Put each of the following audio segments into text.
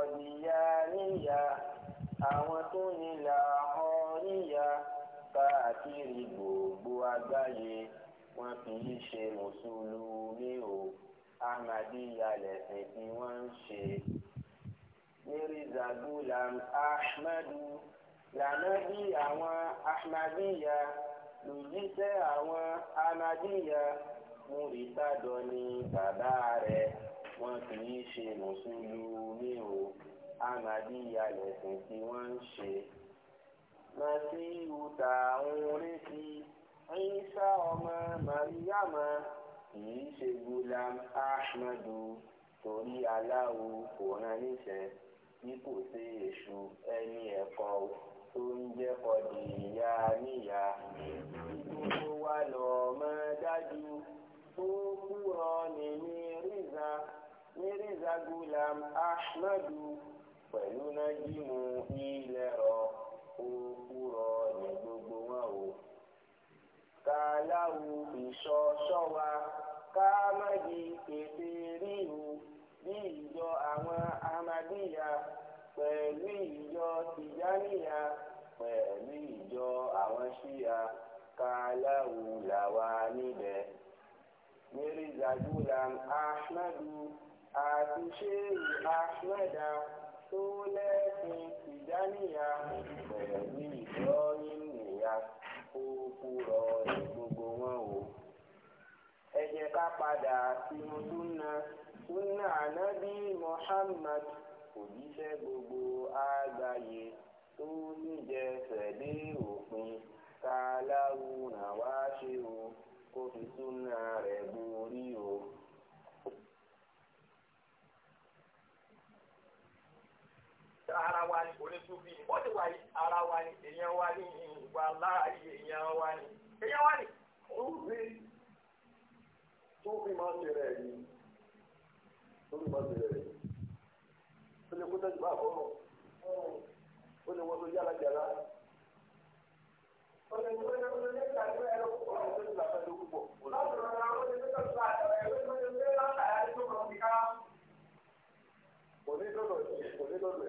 kọ̀díyà níyà àwọn tó ní làhọ́ níyà káàkiri gbogbo àgbáyé wọn kì í ṣe mùsùlùmí o ahmadiyya lẹ̀sìn tí wọ́n ń ṣe. mirza gulam ahmadu lànàbí àwọn ahmadiyya lòjíṣẹ́ àwọn ahmadiyya múritádọ́ ní bàbá rẹ̀ wọn kì í ṣe mùsùlùmí o ahmadiyya lẹ̀sìn tí wọ́n ń ṣe. masihu tá ń retí Ìsá ọmọ mariama kì í ṣe gulam ahmadu torí aláwo kò rán níṣẹ́ bí kò sí èṣù ẹni ẹ̀kọ́ tó ń jẹ́ kọ́dì ìyá níyà gbogbo wa lọ́ọ́ mọ́ dájú tó kúrọ̀ ní ní ríza mírízà gulam ahmadu pẹ̀lú nájímù ilẹ̀rọ òwúrọ̀ ní gbogbo wọn o. kàláwù ìṣọṣọ wa káàmọ́dì ètè ríru bí ìjọ àwọn amadíyà pẹ̀lú ìjọ tìjáníyà pẹ̀lú ìjọ àwọn ṣíyà kàláwù làwa níbẹ̀. mírízà gulam ahmadu. àti ṣéèrù ahmeda tó lẹ́sìn tìjáníyà pẹ̀lú ìlọrin nìyà kó kúrọ̀ ní gbogbo wọn o. ẹ jẹ́ ká padà sínú súnà súnà ànábì Muhammad òjíṣẹ́ gbogbo àgbáyé tó níjẹsẹ̀ dé òpin ká láwùrán wá ṣe o o. ara wa ni ti ara wa ni èèyàn wa ni ìwà láàyè èèyàn wa ni èèyàn wa ni. O rí tó fi máa ń ṣe rẹ̀ yìí tó fi máa ń ṣe rẹ̀ yìí ó lè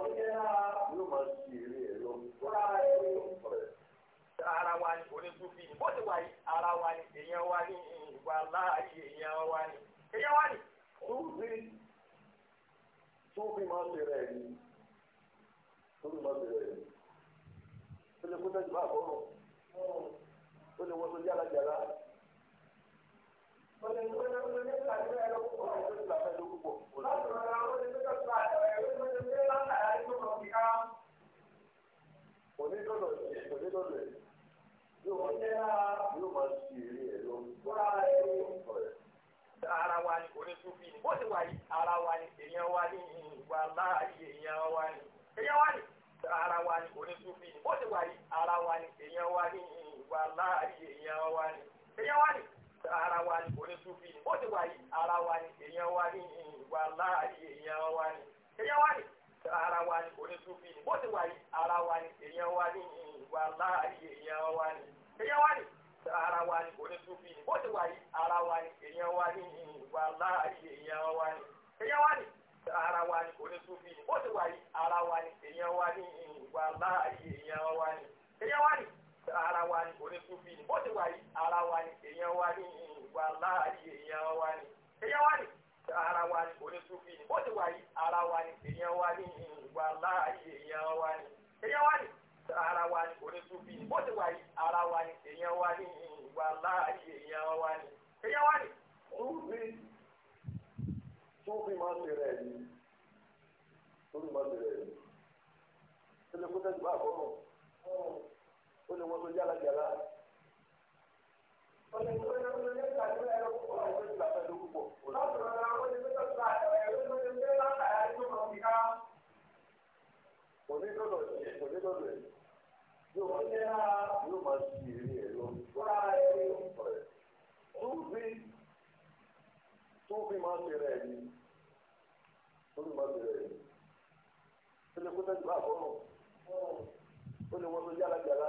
yóò máa ṣe eré ẹ̀ lọ. ara wa ni onísùnfì ni bó ti wà yìí ara wa ni èèyàn wa ni ìwà láàyè èèyàn wa ni èèyàn wa ni. sùnfì sùnfì máa ṣe rẹ̀ ni sùnfì máa ṣe rẹ̀ ni. ó lè kó tẹ́jú bá àbọ̀rọ̀ ó lè wọ́n tó yára yára. ó lè ní ó lè ní ká ní ẹ̀rọ púpọ̀ ó lè ní ká ní ẹ̀rọ púpọ̀. láti rọra ó lè ní ká ní ẹ̀rọ púpọ̀. onídọ́dọ̀ onídọ́dọ̀ ẹ̀ yóò wọ́n jẹ́ náà yóò máa ṣe eré ẹ̀ lọ. fúnra ẹ̀ ara wa ni onísùnfì ni bó ti ara wa ni èèyàn wa ni ìwà láàyè èèyàn wa ni wa ni ara wa ni onísùnfì ni bó ti ara wa ni wa ni wa ni wa ni ara wa ni ni ara wa ni wa ni wa ni wa ni. ara wa ni onísùfì ni bó ti wà yìí ara wa ni èèyàn wa ni ìwà láàyè èèyàn wa ni èèyàn wa ni ara wa ni onísùfì ni bó ti wà yìí ara wa ni èèyàn wa ni ìwà láàyè èèyàn wa ni èèyàn wa ni ara wa ni onísùfì ni bó ti wà yìí ara wa ni èèyàn wa ni ìwà láàyè èèyàn wa ni èèyàn wa ni ara wa ni onísùfì ni bó ti wà yìí ara wa ni èèyàn wa ni ìwà láàyè èèyàn wa ni èèyàn wa ni. ara wa ni onísùfì ni bó ti wà yìí ara wa ni èèyàn wa ni ìwà láàyè èèyàn wa ni èèyàn wa ni ara wa ni onísùfì ni bó ti wà yìí ara wa ni èèyàn onídọ̀dọ̀ yìí onídọ̀dọ̀ yìí yóò máa ní á yóò máa ti èrè ẹ̀ lọ fúnra ẹ̀ túbí túbí máa ṣe rẹ̀ ni túbí máa ṣe rẹ̀ ni ó lè kó tẹ́jú àbọ̀rùn ó lè wọ́n tó yára yára.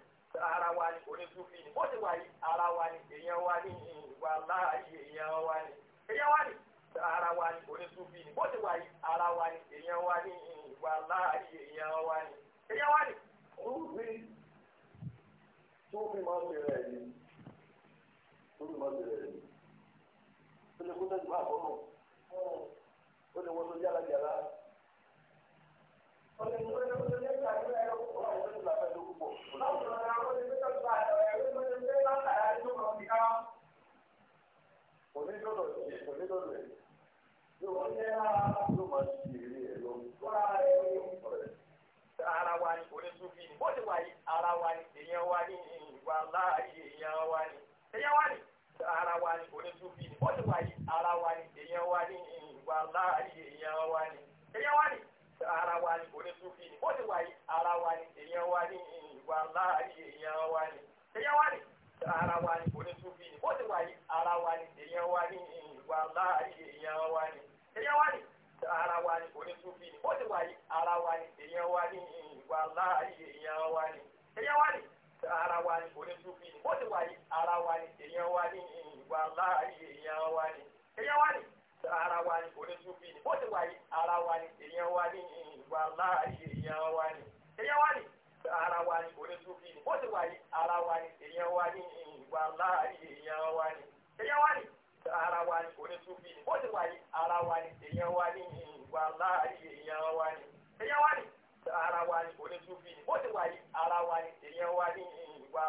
ara wa ni onísúfì ni bó ti wà ara wa ni èèyàn wa ni ìwà láàyè èèyàn wa ni èèyàn wa ni ara wa ni onísúfì ni bó ti wà yìí ara wa ni èèyàn wa ni ìwà láàyè èèyàn wa ni èèyàn wa ni. kò ní lọ́dọ̀ sí kò ní lọ́dọ̀ sí yóò ní ló máa ṣe eré ẹ̀ lọ wọ́n á rẹ̀ ara wa ni ni wa ara wa ni wa ni wa ni wa ni ara wa ni ni wa ara wa ni wa ni wa ni wa ni ara wa wà láàyè èèyàn wa ni èèyàn wa ni ara wa ni onítúbí ni bó ti wà yìí ara wa ni èèyàn wa ni wà láàyè èèyàn wa ni èèyàn wa ni ara wa ni onítúbí ni bó ti wà yìí ara wa ni èèyàn wa ni wà láàyè èèyàn wa ni èèyàn wa ni ara wa ni onítúbí ni bó ti wà yìí ara wa ni èèyàn wa ni wà láàyè èèyàn wa ni èèyàn wa ni ara wa ni onítúbí ni bó ti wà yìí ara wa ni èèyàn wa ni wà láàyè èèyàn wa ni èèyàn wa ni. ara wa ni onísùnfì ni bó ti wà yìí ara wa ni èèyàn wa ni ìwà láàyè wa ni èèyàn wa ni ara wa ni onísùnfì ni bó ti wà yìí ara wa ni èèyàn wa ni ìwà láàyè wa ni èèyàn wa ni ara wa ni ni ara wa ni wa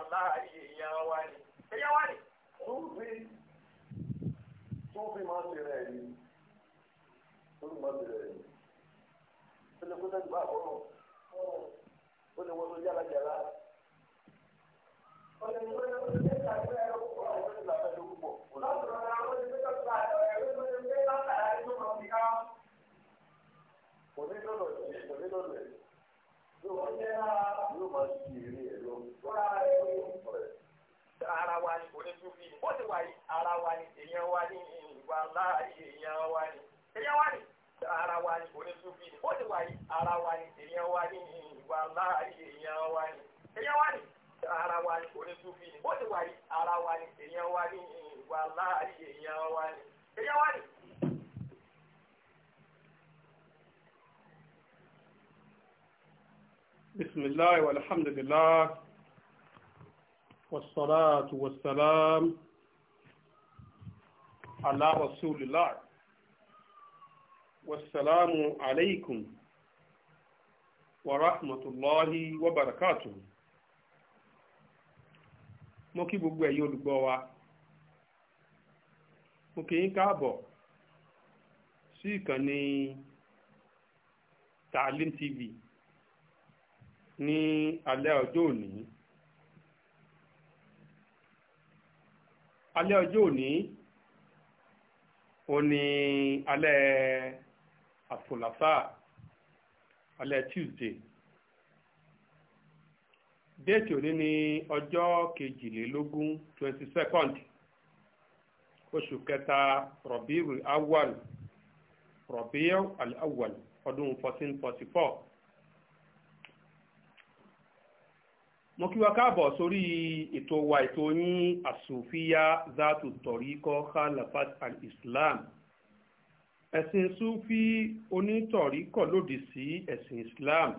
ni ó lè wọ́n tó yára yàrá. ọ̀sẹ̀ ìwé ló ń ṣe ìtàgé ẹ̀rọ púpọ̀ àwọn ọ̀sẹ̀ ìlànà ìlú púpọ̀. lọ́sọ̀rọ̀ náà wọ́n ti tẹ́tọ̀ sí àjọ ẹ̀rọ tó ti gbé látara inú lọ sí ká. kò ní lọ́lọ́ ẹ̀ kò ní lọ́lọ́ ẹ̀ yóò wọ́n jẹ́ yóò máa ṣe eré ẹ̀ lọ. ara wa ni kò fi bọ́ọ̀lù wa yìí ara wa ni èèyàn wa ni ìwà láàyè èèyàn wa ni èèyàn wa ni. ara wa ni onísùfì sufi ó ti wà yìí ara wa ni èèyàn wa ni ìwà láàyè èèyàn wa ni èèyàn wa ni ara wa ni onísùfì ni ó ti wà yìí ara wa ni èèyàn wa ni ìwà láàyè èèyàn wa ni èèyàn wa ni. بسم الله والحمد لله والصلاة والسلام على رسول الله wasalaamu alaykum wa rahmatulahi wa barakatuh mo kí gbogbo ẹ̀yin olùgbọ́ wa mo kí yín káàbọ̀ sí ìkànnì Taalim TV ní alẹ́ ọjọ́ òní alẹ́ ọjọ́ òní òní alẹ́ àfòlàfà alẹ́ Tuesday déètì òní ní ọjọ́ kejìlélógún twenty second oṣù kẹta rọ̀bíù awal rọ̀bíù al-awal ọdún fourteen forty four. mo kí wa káàbọ̀ sórí ètò wa ètò yín àsòfíà zatu tọ̀ríkọ́ khalafat al-islam ẹ̀sìn sufi onítọ̀ríkọ̀ lòdì sí ẹ̀sìn islam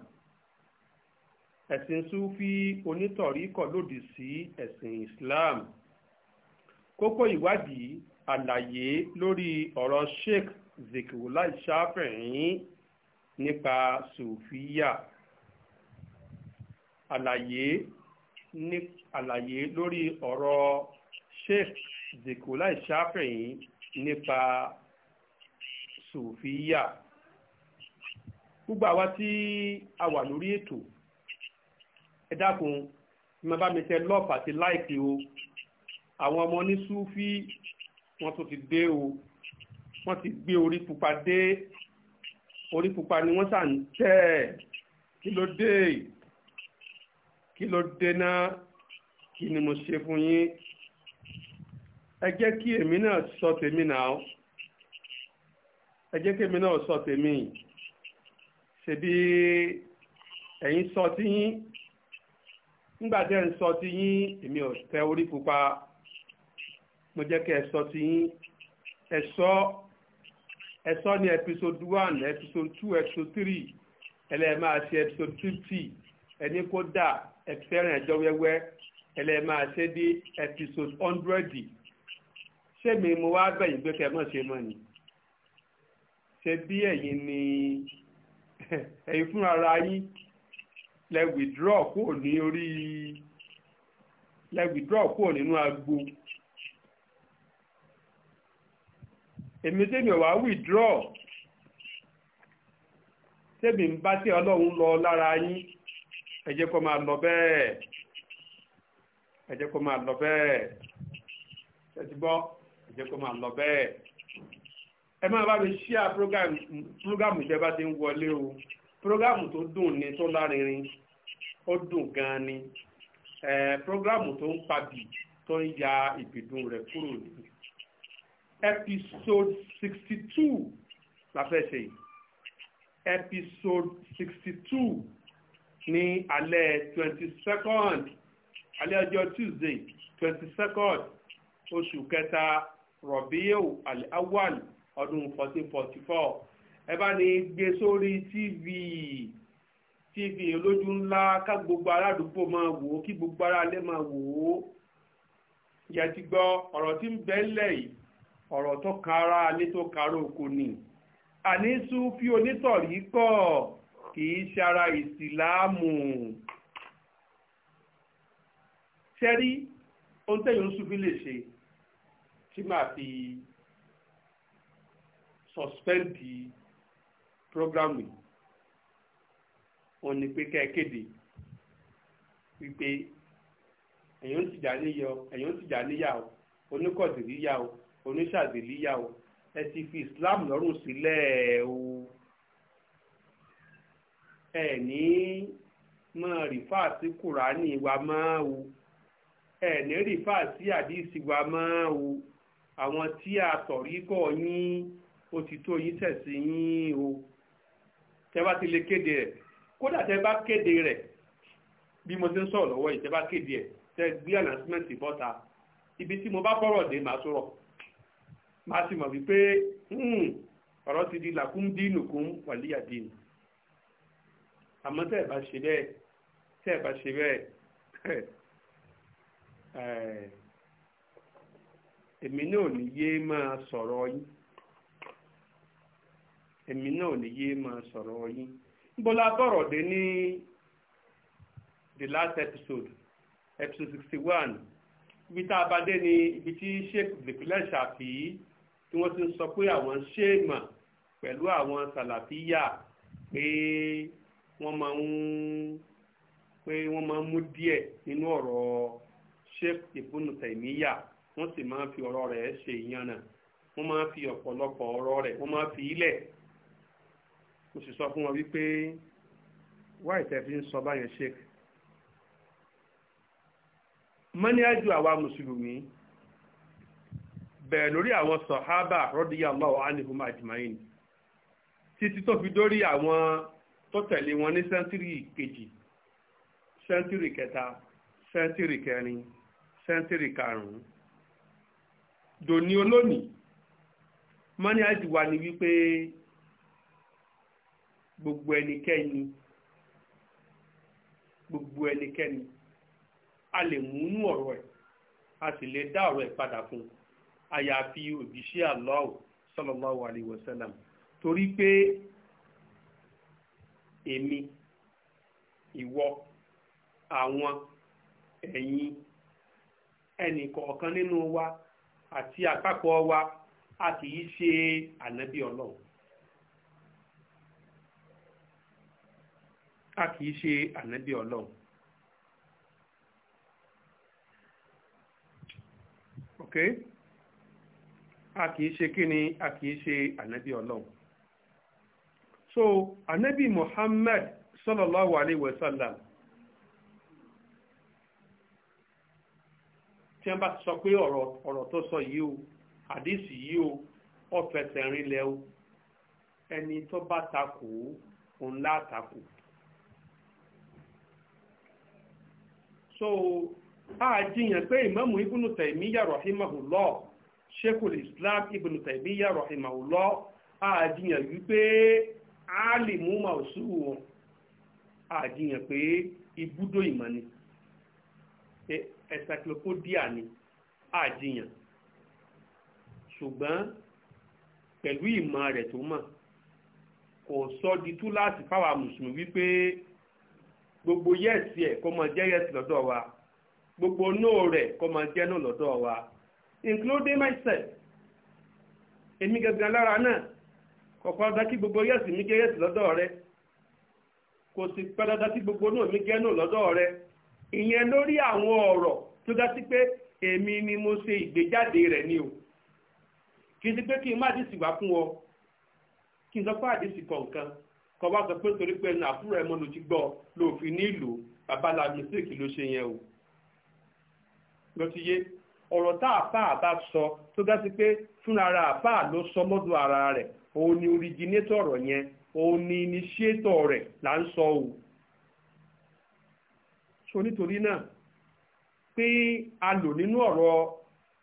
ẹ̀sìn sufi onítọ̀ríkọ̀ lòdì sí ẹ̀sìn islam kókó ìwádìí àlàyé lórí ọ̀rọ̀ sheikh zikrullah shafi'in nípa sufiya àlàyé ní àlàyé lórí ọ̀rọ̀ sheikh zikrullah shafi'in nípa sòfíyà gbogbo àwa tí a wà lórí ètò ẹ dákun ìmọ̀ bá mi tẹ lọ́ọ̀pù àti láìkì o àwọn ọmọ ní súfí wọ́n tún ti dé o wọ́n ti gbé orí pupa dé orí pupa ni wọ́n ṣàn tẹ́ ẹ̀ kí ló dé kí ló dé náà kí ni mo ṣe fún yín ẹ jẹ́ kí èmi náà sọ tèmi náà ẹ jẹ́ kémi náà sọ tèmi ṣebí ẹ̀yin sọ ti yín nígbà tẹ́ ń sọ ti yín èmi ò tẹ orí pupa mo jẹ́ kẹ́ ẹ sọ ti yín ẹ sọ ẹ sọ ní episode one episode two episode three ẹlẹ́ẹ̀ máa ṣe episode fifty ẹni kó dà ẹ fẹ́ràn ẹjọ́ wẹ́wẹ́ ẹlẹ́ẹ̀ máa ṣe dé episode hundred ṣé mi mo wá bẹ̀yìn gbé kẹ́ ẹ mọ̀ ṣe mọ̀ ni. ṣe ẹyin ni ẹyin fúnra ara yín lẹ withdraw kúrò ní orí lẹ withdraw kúrò nínú agbo èmi tẹ́mi ọ̀wá withdraw tẹ́mi ń bá tí ọlọ́run lọ lára yín ẹ jẹ́ kó máa lọ bẹ́ẹ̀ ẹ jẹ́ kó máa lọ bẹ́ẹ̀ ẹ ti gbọ́ ẹ jẹ́ kó máa lọ bẹ́ẹ̀. ẹ máa bá mi ṣíà prógámù ìjọba ti ń wọlé o prógámù tó dùn ni tó lárinrin ó dùn gan-an ni prógámù tó ń pabì tó ń ya ìbìdún rẹ̀ kúrò ní episode sixty two la fẹ́ ṣe episode sixty two ní alẹ́ twenty second alẹ́ ọjọ́ tuesday twenty second oṣù kẹta rọ̀bíyẹ̀wò al-awwal ọdún 1444 ẹ bá ní gbé sórí tv tv olójú ńlá ká gbogbo aládùúgbò máa wò ó kí gbogbo aráalé máa wò ó yẹ ti gbọ́ ọ̀rọ̀ tí ń bẹ ńlẹ̀ yìí ọ̀rọ̀ tó kan aráalé tó karó oko ni àní súfì onítọ̀rí kọ̀ kì í ṣe ara ìsìláàmù ṣẹ́rí ohun tẹ́yìn oṣù fi lè ṣe tí máa fi Suspend the programming. òun ni pé kẹ́ ẹ kéde wípé ẹ̀yin ń tìjà níyọ ẹ̀yin ń tìjà níyàwó oníkọ̀dìrí yà o oníṣàdìrí yà o ẹ ti fi Islam lọ́rùn sílẹ̀ o ẹ ní máa rìfà sí kùránì wa máa o ẹ ní rìfà sí àdìsí wa máa o àwọn tí a tọ̀rí kọ́ yín ó ti tó yín tẹ̀sí yín o tẹ́ bá ti lè kéde rẹ̀ kódà tẹ́ bá kéde rẹ̀ bí mo ti ń sọ̀rọ̀ lọ́wọ́ yìí tẹ́ bá kéde ẹ̀ tẹ́ gbé announcement bọ́ta ibi tí mo bá fọ̀rọ̀ dé màá sọ̀rọ̀ màá sì mọ̀ wípé hmm, ọ̀rọ̀ ti di làkúndínùkún wàlíyàdínù àmọ́ tẹ́ ẹ̀ bá ṣe bẹ́ẹ̀ tẹ́ ẹ̀ bá ṣe bẹ́ẹ̀ èmi náà ní yé máa sọ̀rọ̀ yín èmi náà ni ní yé máa sọ̀rọ̀ yín nbọ́lá bọ̀rọ̀ dé ní the last episode episode sixty one ibi tá a bá dé ni ibi tí sheikh zikilẹ̀ ṣàfihì tí wọ́n ti ń sọ pé àwọn ṣéèmà pẹ̀lú àwọn sàlàfíyà pé wọ́n máa ń pé wọ́n máa ń mú díẹ̀ nínú ọ̀rọ̀ sheikh ibn wọ́n sì máa ń fi ọ̀rọ̀ rẹ̀ ṣe ìyànnà wọ́n máa ń fi ọ̀pọ̀lọpọ̀ ọ̀rọ̀ rẹ̀ wọ́n máa ń fi ilẹ̀ mo sì sọ fún wọn wípé wáyé tẹ́ fi ń sọ báyẹn sheik mọ́níájú àwa mùsùlùmí bẹ̀rẹ̀ lórí àwọn sọ̀hábà radiyallahu anhum ajma'in títí tó fi dórí àwọn tó tẹ̀lé wọn ní sẹ́ńtírì kejì sẹ́ńtírì kẹta sẹ́ńtírì kẹrin sẹ́ńtírì karùn-ún dòní olónìí mọ́níájú wa ni wípé gbogbo ẹnikẹ́ni gbogbo ẹnikẹ́ni a lè múnú ọ̀rọ̀ ẹ̀ a sì lè dá ọ̀rọ̀ ẹ̀ padà fún àyàfi òjíṣẹ́ Allah sallallahu alaihi wasallam torí pé èmi ìwọ àwọn ẹ̀yin ẹnìkọ̀ọ̀kan nínú wa àti àpapọ̀ wa a kì í ṣe ànábì ọlọ́run a kì í ṣe ànábì ọlọ́run ok a kì í ṣe kíni a kì í ṣe ànábì ọlọ́run so ànábì Muhammad sallallahu alayhi wa sallam tí wọ́n bá ti sọ pé ọ̀rọ̀ ọ̀rọ̀ tó sọ yìí o àdísì yìí o ọ̀fẹsẹ̀rinlẹ̀ o ẹni tó bá takò ó ńlá takò. so àjíyàn pé ìmáàmù ibùnú tẹ̀míyà rahimahullah sheikhul islam ibùnú tẹ̀míyà rahimahullah àjíyàn wípé alimu mausu wọn àjíyàn pé ibùdó ìmọ̀ ni e, encyclopedia ni àjíyàn ṣùgbọ́n pẹ̀lú ìmọ̀ rẹ̀ tó mọ̀ kò sọ di túláàsì fáwa mùsùlùmí wípé gbogbo yẹ́ẹ̀sì ẹ̀ kó máa jẹ́ yẹ́ẹ̀sì lọ́dọ̀ wa gbogbo nóò rẹ̀ kó máa jẹ́ nóò lọ́dọ̀ wa including myself èmi gangan lára náà kọ̀kọ́ dá kí gbogbo yẹ́ẹ̀sì mi jẹ́ yẹ́ẹ̀sì lọ́dọ̀ rẹ kò sì pẹ́ dandan kí gbogbo nóò mi jẹ́ nóò lọ́dọ̀ rẹ ìyẹn lórí àwọn ọ̀rọ̀ tó dá sí pé èmi ni mo ṣe ìgbéjáde rẹ̀ ni o kì í ṣe pé kí n má dìsí wá fún ọ kí n sọ pé àdìsí kọ̀ọ̀kan kọ́ wá sọ pé torí pé ẹnu àbúrò ẹ̀mọ́ ló ti gbọ́ ló fi nílò babalá mistake ló ṣe yẹn o ló ti yé ọ̀rọ̀ tá àpá àbá sọ tó dá sí pé fúnra ara àpá ló sọ mọ́dọ̀ ara rẹ̀ òun ni originator ọ̀rọ̀ yẹn òun ni initiator rẹ̀ là ń sọ o so nítorí náà pé a lò nínú ọ̀rọ̀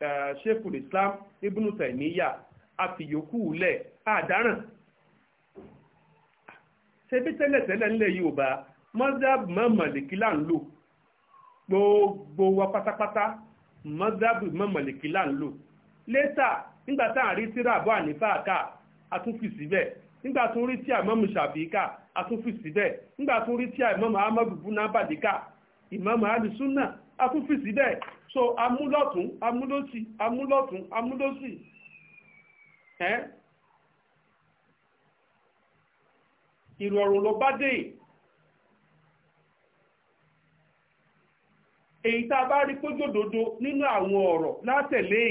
eh, Sheikhul Islam Ibn Taymiyyah a fìyókù lẹ̀ àdáràn. ṣebí tẹ́lẹ̀tẹ́lẹ̀ ńlẹ̀ Yorùbá mọ́sáàbù mọ́mọ̀lìkì là ń lò gbogbo wa pátápátá mọ́sáàbù mọ́mọ̀lìkì ń lò lẹ́tà nígbà tá à ń rí tíra àbọ̀ ànífà ká a fi síbẹ̀ nígbà tó ń rí tí àmọ́mù ṣàbí ká a fi síbẹ̀ nígbà tó ń rí tí na ahmadu bunabadi ká ìmọ̀mù alùsùnà a fi síbẹ̀ so amúlọ́tún amúlọ́sì ìrọ̀rùn lọ bá dé èyí tá bá rí kójó dodo nínú àwọn ọ̀rọ̀ látẹ̀lé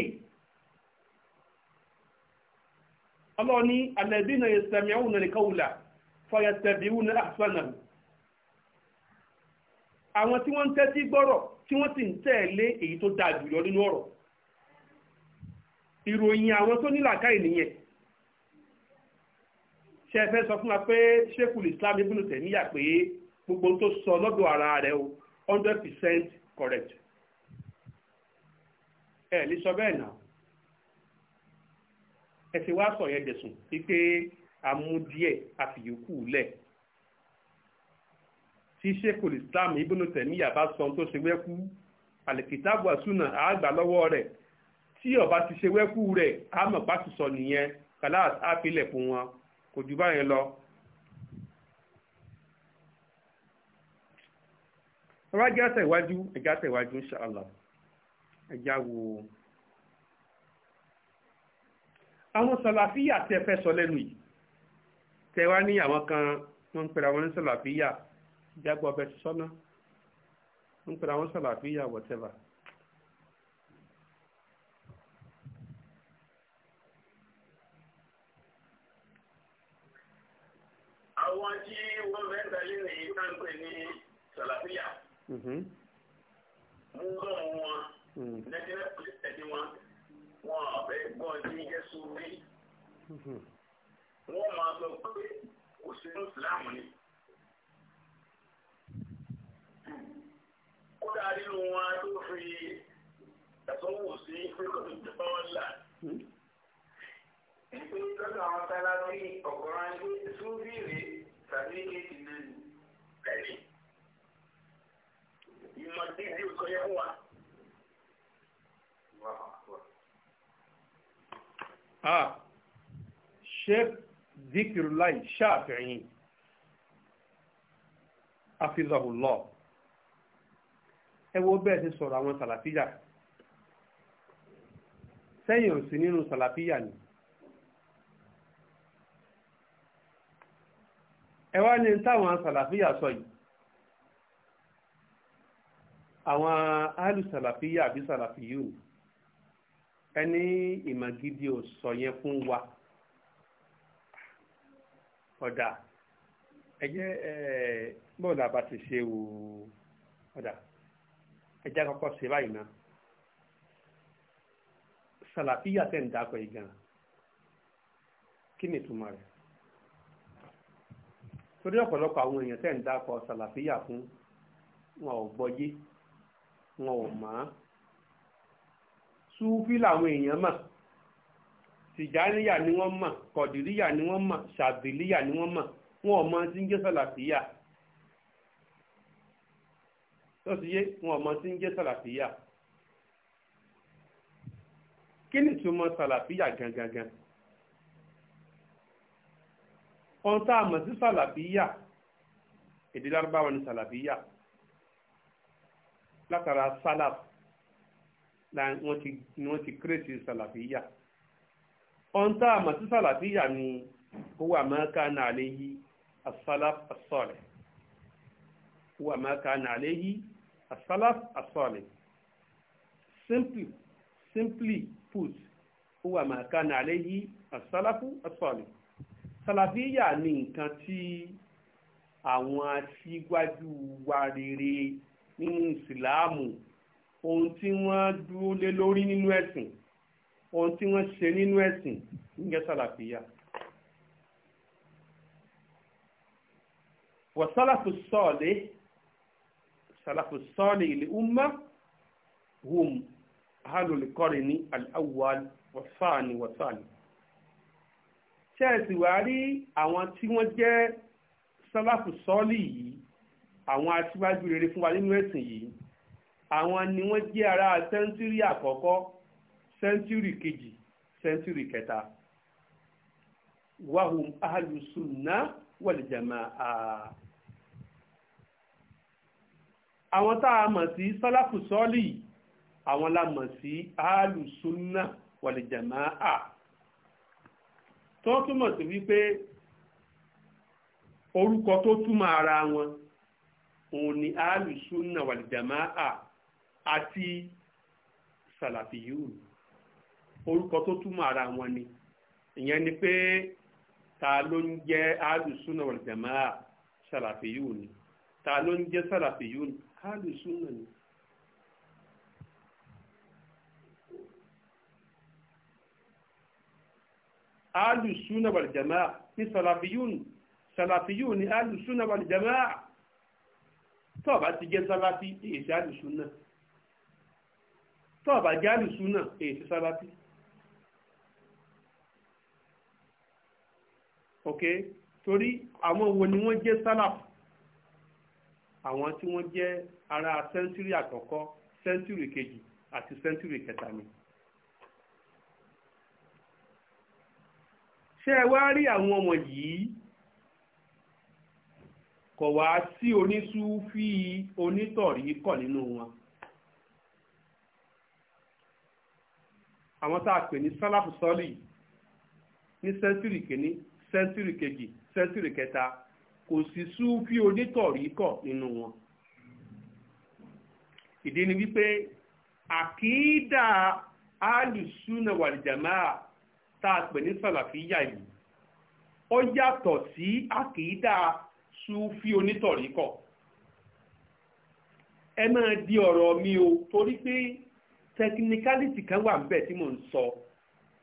ọlọ́ni alẹ́bínà ìsẹ̀mìáwùn nìkọ́wùlà fọyẹ̀tẹ̀bíwùn àṣọ́nàmù àwọn tí wọ́n ń tẹ́tí gbọ́rọ̀ tí wọ́n sì ń tẹ̀lé èyí tó dáa jùlọ nínú ọ̀rọ̀ ìròyìn àwọn tó nílàkà ènìyàn ṣe fẹ́ sọ fún wa pé sheikul islam ibùdó tẹ̀míyà pé gbogbo tó sọ lọ́dọ̀ ara rẹ̀ o hundred percent correct ẹ lè sọ bẹ́ẹ̀ náà ẹ ti wá sọ yẹn dẹ̀sùn wípé amúdíẹ̀ àfìyókù lẹ̀ tí sheikul islam ibùdó tẹ̀míyà bá sọ tó ṣe wẹ́kú àlèkìtàbù àsúnà àgbà lọ́wọ́ rẹ̀ tí ọba ti ṣe wẹ́kú rẹ̀ àmọ̀ bá ti sọ nìyẹn kàlá àfilẹ̀ fún wọn kò jù báyẹn lọ. wọ́n á jẹ́ àtẹ̀wájú ẹ̀jẹ̀ àtẹ̀wájú ṣáàlà ẹ̀jẹ̀ àwò. àwọn sàlàfíà tẹ fẹ́ sọ lẹ́nu yìí tẹ wá ní àwọn kan wọ́n ń pèrè àwọn ní sàlàfíà ọbẹ̀ sọ́nà wọ́n ń pèrè àwọn sàlàfíà whatever. àwọn tí wọ́n mẹ́ta yìí ní káńpẹ̀ ní sàlàfíà mhm. mú lọ́wọ́ wọn hmm. nẹ́tẹ́lẹ̀ pẹ̀lẹ́tẹ̀lẹ́ wọn wọn ọ̀fẹ́ gbọ́ ní jésù rí mhm. wọ́n máa sọ pé kò sínú ìsìláàmù ni. kódà nínú wọn tó fi ẹ̀sọ́wò sí fúlùkọ́ tó jẹ́ báwọn là ìpínlẹ̀ hmm. lọ́dọ̀ àwọn tálábí ọ̀gọ́rọ̀ ayé súnfì rèé. Ah, náà ni ẹ̀rí ìmọ̀ dídí ò sọ yẹ fún wa. Sheikh Zikrullahi Shafi'i afizahullah ẹ wo bẹ́ẹ̀ ti sọ̀rọ̀ àwọn sàlàfíyà sẹ́yìn ò sí nínú sàlàfíyà ni ẹ wá ní táwọn sàlàfíà sọ yìí àwọn áàlù sàlàfíà àbí sàlàfíyù ẹni ìmọ̀ gidi ò sọ yẹn fún wa ọ̀dà ẹjẹ́ ẹ̀ bọ́ọ̀lù àbá ti ṣe wò ọ̀dà ẹjẹ́ àkọ́kọ́ ṣe báyìí náà sàlàfíà tẹ̀ ń dákọ̀ yìí gan kí ni ìtumọ̀ rẹ̀ torí ọ̀pọ̀lọpọ̀ àwọn èèyàn tẹ̀ ń dákọ̀ sàlàfíà fún wọn ò gbọ́yé wọn ò mọ̀ á súfí làwọn èèyàn mọ̀ tìjáníyà ni wọ́n mọ̀ kọ̀dìríyà ni wọ́n mọ̀ ṣàdìlíyà ni wọ́n mọ̀ wọn ò mọ tí ń jẹ́ sàlàfíà tó ti yé wọn ò mọ tí ń jẹ́ sàlàfíà kí ni ìtumọ̀ sàlàfíà gangan gan ohun tá a mọ̀ sí sàlàfíyà èdè lárúbáwá ni sàlàfíyà látara sálàf ni wọ́n ti kírèsì sàlàfíyà ohun tá a mọ̀ sí sàlàfíyà ni huwa ma kana alayhi as-salaf as-salih huwa ma kana alayhi as-salaf as-salih simply simply put huwa ma kana alayhi as-salafu as-salih sàlàfíyà ni nǹkan tí àwọn aṣíwájú wa rere nínú ìsìláàmù ohun tí wọ́n dúró lé lórí nínú ẹ̀sìn ohun tí wọ́n ṣe nínú ẹ̀sìn nígbà sàlàfíyà. wasalafu sọ́ọ̀lẹ́ salafu sọ́ọ̀lẹ́ ilé umma hum ahlul qarni al-awwal wasani wasani ṣẹ́ẹ̀sì wá rí àwọn tí wọ́n jẹ́ sálàfù sọ́ọ̀lì yìí àwọn aṣíwájú rere fún wa nínú ẹ̀sìn yìí àwọn ni wọ́n jẹ́ ará sẹ́ńtúrì àkọ́kọ́ sẹ́ńtúrì kejì sẹ́ńtúrì kẹta wahum ahalusunna wal jamaa àwọn tá a mọ̀ sí sálàfù sọ́ọ̀lì àwọn la mọ̀ sí ahalusunna wal jamaa tó túmọ̀ sí wípé orúkọ tó túmọ̀ ara wọn òun ni alùsùnà wàlìjàmáà àti sàlàfíyùn orúkọ tó túmọ̀ ara wọn ni ìyẹn ni pé ta ló ń jẹ́ alùsùnà wàlìjàmáà sàlàfíyùn ta ló ń jẹ́ sàlàfíyùn alùsùnà ni. alùsúnà wal jamaa ní sàlàfíyùn sàlàfíyùn ní alùsúnà wal jamaa tó bá ti jẹ́ sàlàfí èsì alùsúnà tó bá jẹ́ alùsúnà èsì sàlàfí ok torí àwọn wo ni wọ́n jẹ́ sàlàfí àwọn tí wọ́n jẹ́ ara sẹ́ńtúrì àkọ́kọ́ sẹ́ńtúrì kejì àti sẹ́ńtúrì kẹta ni. ṣé ẹ wá rí àwọn ọmọ yìí kọ̀ wá sí onísúfí onítọ̀rí kọ̀ nínú wọn àwọn tá a pè ní sálàfù sọ́lì ní sẹ́ńtúrì kìíní sẹ́ńtúrì kejì sẹ́ńtúrì kẹta kò sí súfí onítọ̀rí kọ̀ nínú wọn ìdí ni wípé àkídà alùsùnà wàlìjàmáà tá a pè ní sàlàfíyà o ó yàtọ̀ sí àkìídà sufi onítọ̀ríkọ̀ ẹ máa di ọ̀rọ̀ mi o torí pé tẹkinikálítì kan wà níbẹ̀ tí mò ń sọ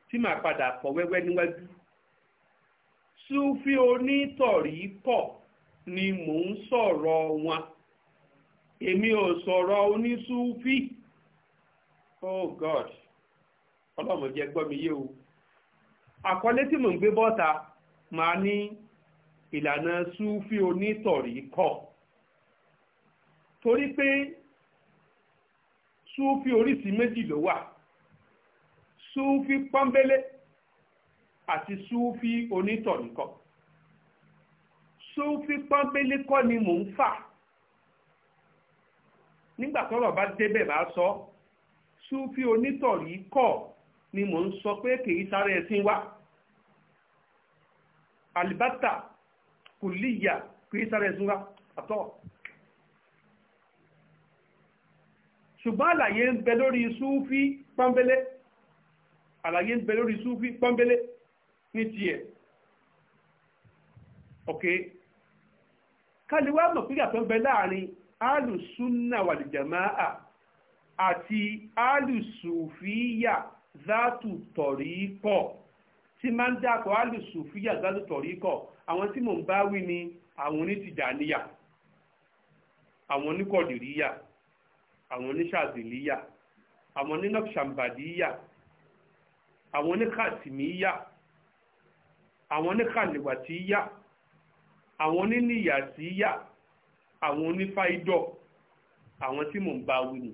tí màá padà fọ wẹ́wẹ́ níwájú sufi onítọ̀ríkọ̀ ni mò ń sọ̀rọ̀ wọn èmi ò sọ̀rọ̀ onísúfì oh god ọlọ́mọ jẹ́ gbọ́ mi yé o. àkọlé tí mò ń gbé bọ́ta máa ní ìlànà súfì onítọ̀rí kọ̀ torí pé sufi oríṣìí méjì ló wà súfì pọ́nbélé àti súfì onítọ̀rí kọ̀ súfì pọ́nbélé kọ́ ni mò ń fà nígbà tọ́rọ̀ bá débẹ̀ bá sọ súfì onítọ̀rí kọ̀ ni mò ń sọ pé kì í sáré ẹ̀sìn wa àlìbátà kò líyà kì í sára ẹ̀sùn wa àtọ̀ ṣùgbọ́n àlàyé ń bẹ lórí súfí pọ́nbélé àlàyé ń bẹ lórí súfí pọ́nbélé ní tiẹ̀ okay kálíwá mọ̀ pé yàtọ̀ ń bẹ láàrin alùsúnnà wàlìjàmáà àti alùsùfíyà zátù tọ̀rí pọ̀ tí máa ń dàpọ̀ alùsùfíyà gbàlùtọ̀rí kọ̀ àwọn tí mò ń bá wí ni àwọn onítìjàníyà àwọn oníkọ̀dìríyà àwọn oníṣàzìlíyà àwọn onínàṣàmbàdíyà àwọn oníkàtìmíyà àwọn oníkànìwàtíyà àwọn onínìyàtíyà àwọn onífáìdọ̀ àwọn tí mò ń bá wí ni.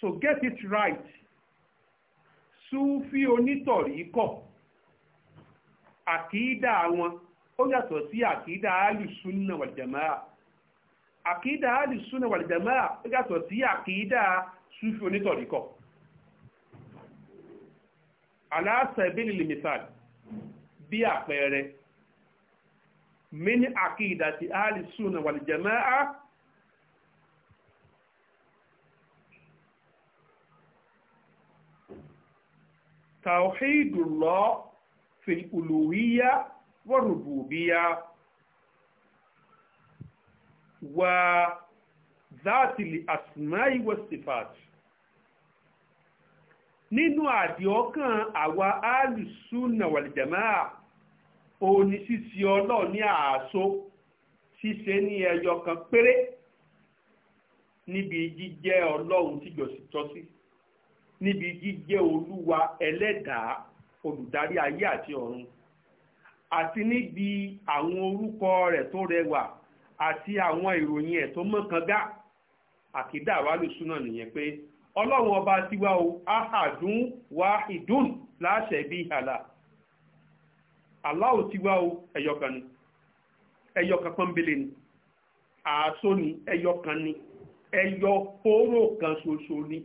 so get it right súfí onítọ̀rí kọ̀ àkídà wọn ó yàtọ̀ sí àkídà alùsúnà wàlìjàmáà àkídà alùsúnà wàlìjàmáà ó yàtọ̀ sí àkídà súfí onítọ̀rí kọ̀ aláṣẹ̀bílì limital bí àpẹẹrẹ mini àkídà ti alùsúnà wàlìjàmáà tawhidullah fil uluhiyya wa rububiyya wa zatil asma'i wa sifat nínú àdìọ́kàn àwa alùsùnà wàlìjàmáà òní ṣíṣe ọlọ́ọ̀ ní àásó ṣíṣe ní ẹyọ kan péré níbi jíjẹ́ ọlọ́run tíjọ́sí tọ́sí. Si níbi jíjẹ́ olúwa ẹlẹ́dàá olùdarí ayé àti ọ̀run àti níbi àwọn orúkọ rẹ̀ tó rẹwà àti àwọn ìròyìn ẹ̀ tó mọ́kangá àkídà wa lè súná nìyẹn pé ọlọ́run ọba tiwa o ahadun wahidun la shabiha la Allah tiwa o ẹ̀yọkan ni ẹ̀yọkan pọ́nbélé ni àásó ni ẹ̀yọkan ni ẹ̀yọ kóró kan ṣoṣo ni.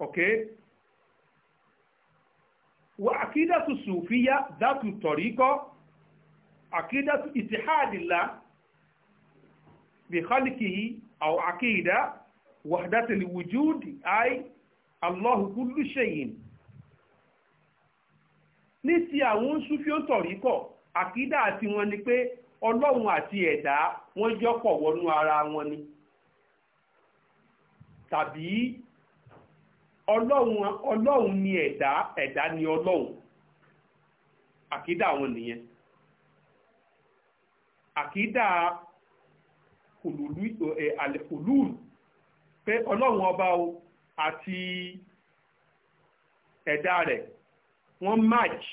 okay wa akidatu sufiya dhatu tariqa akidatu itihadillah bi khalqihi aw akida wahdati alwujud ay allah kullu shay'in ní ti awon sufi o tariqa akida ati won ni pe ọlọ́run àti ẹ̀dá wọ́n jọ pọ̀ wọnú ara wọn ni tàbí ọlọ́run ni ẹ̀dá ẹ̀dá ni ọlọ́run àkídà wọn nìyẹn àkídà olùlù pé ọlọ́run ọba o àti ẹ̀dá rẹ̀ wọ́n march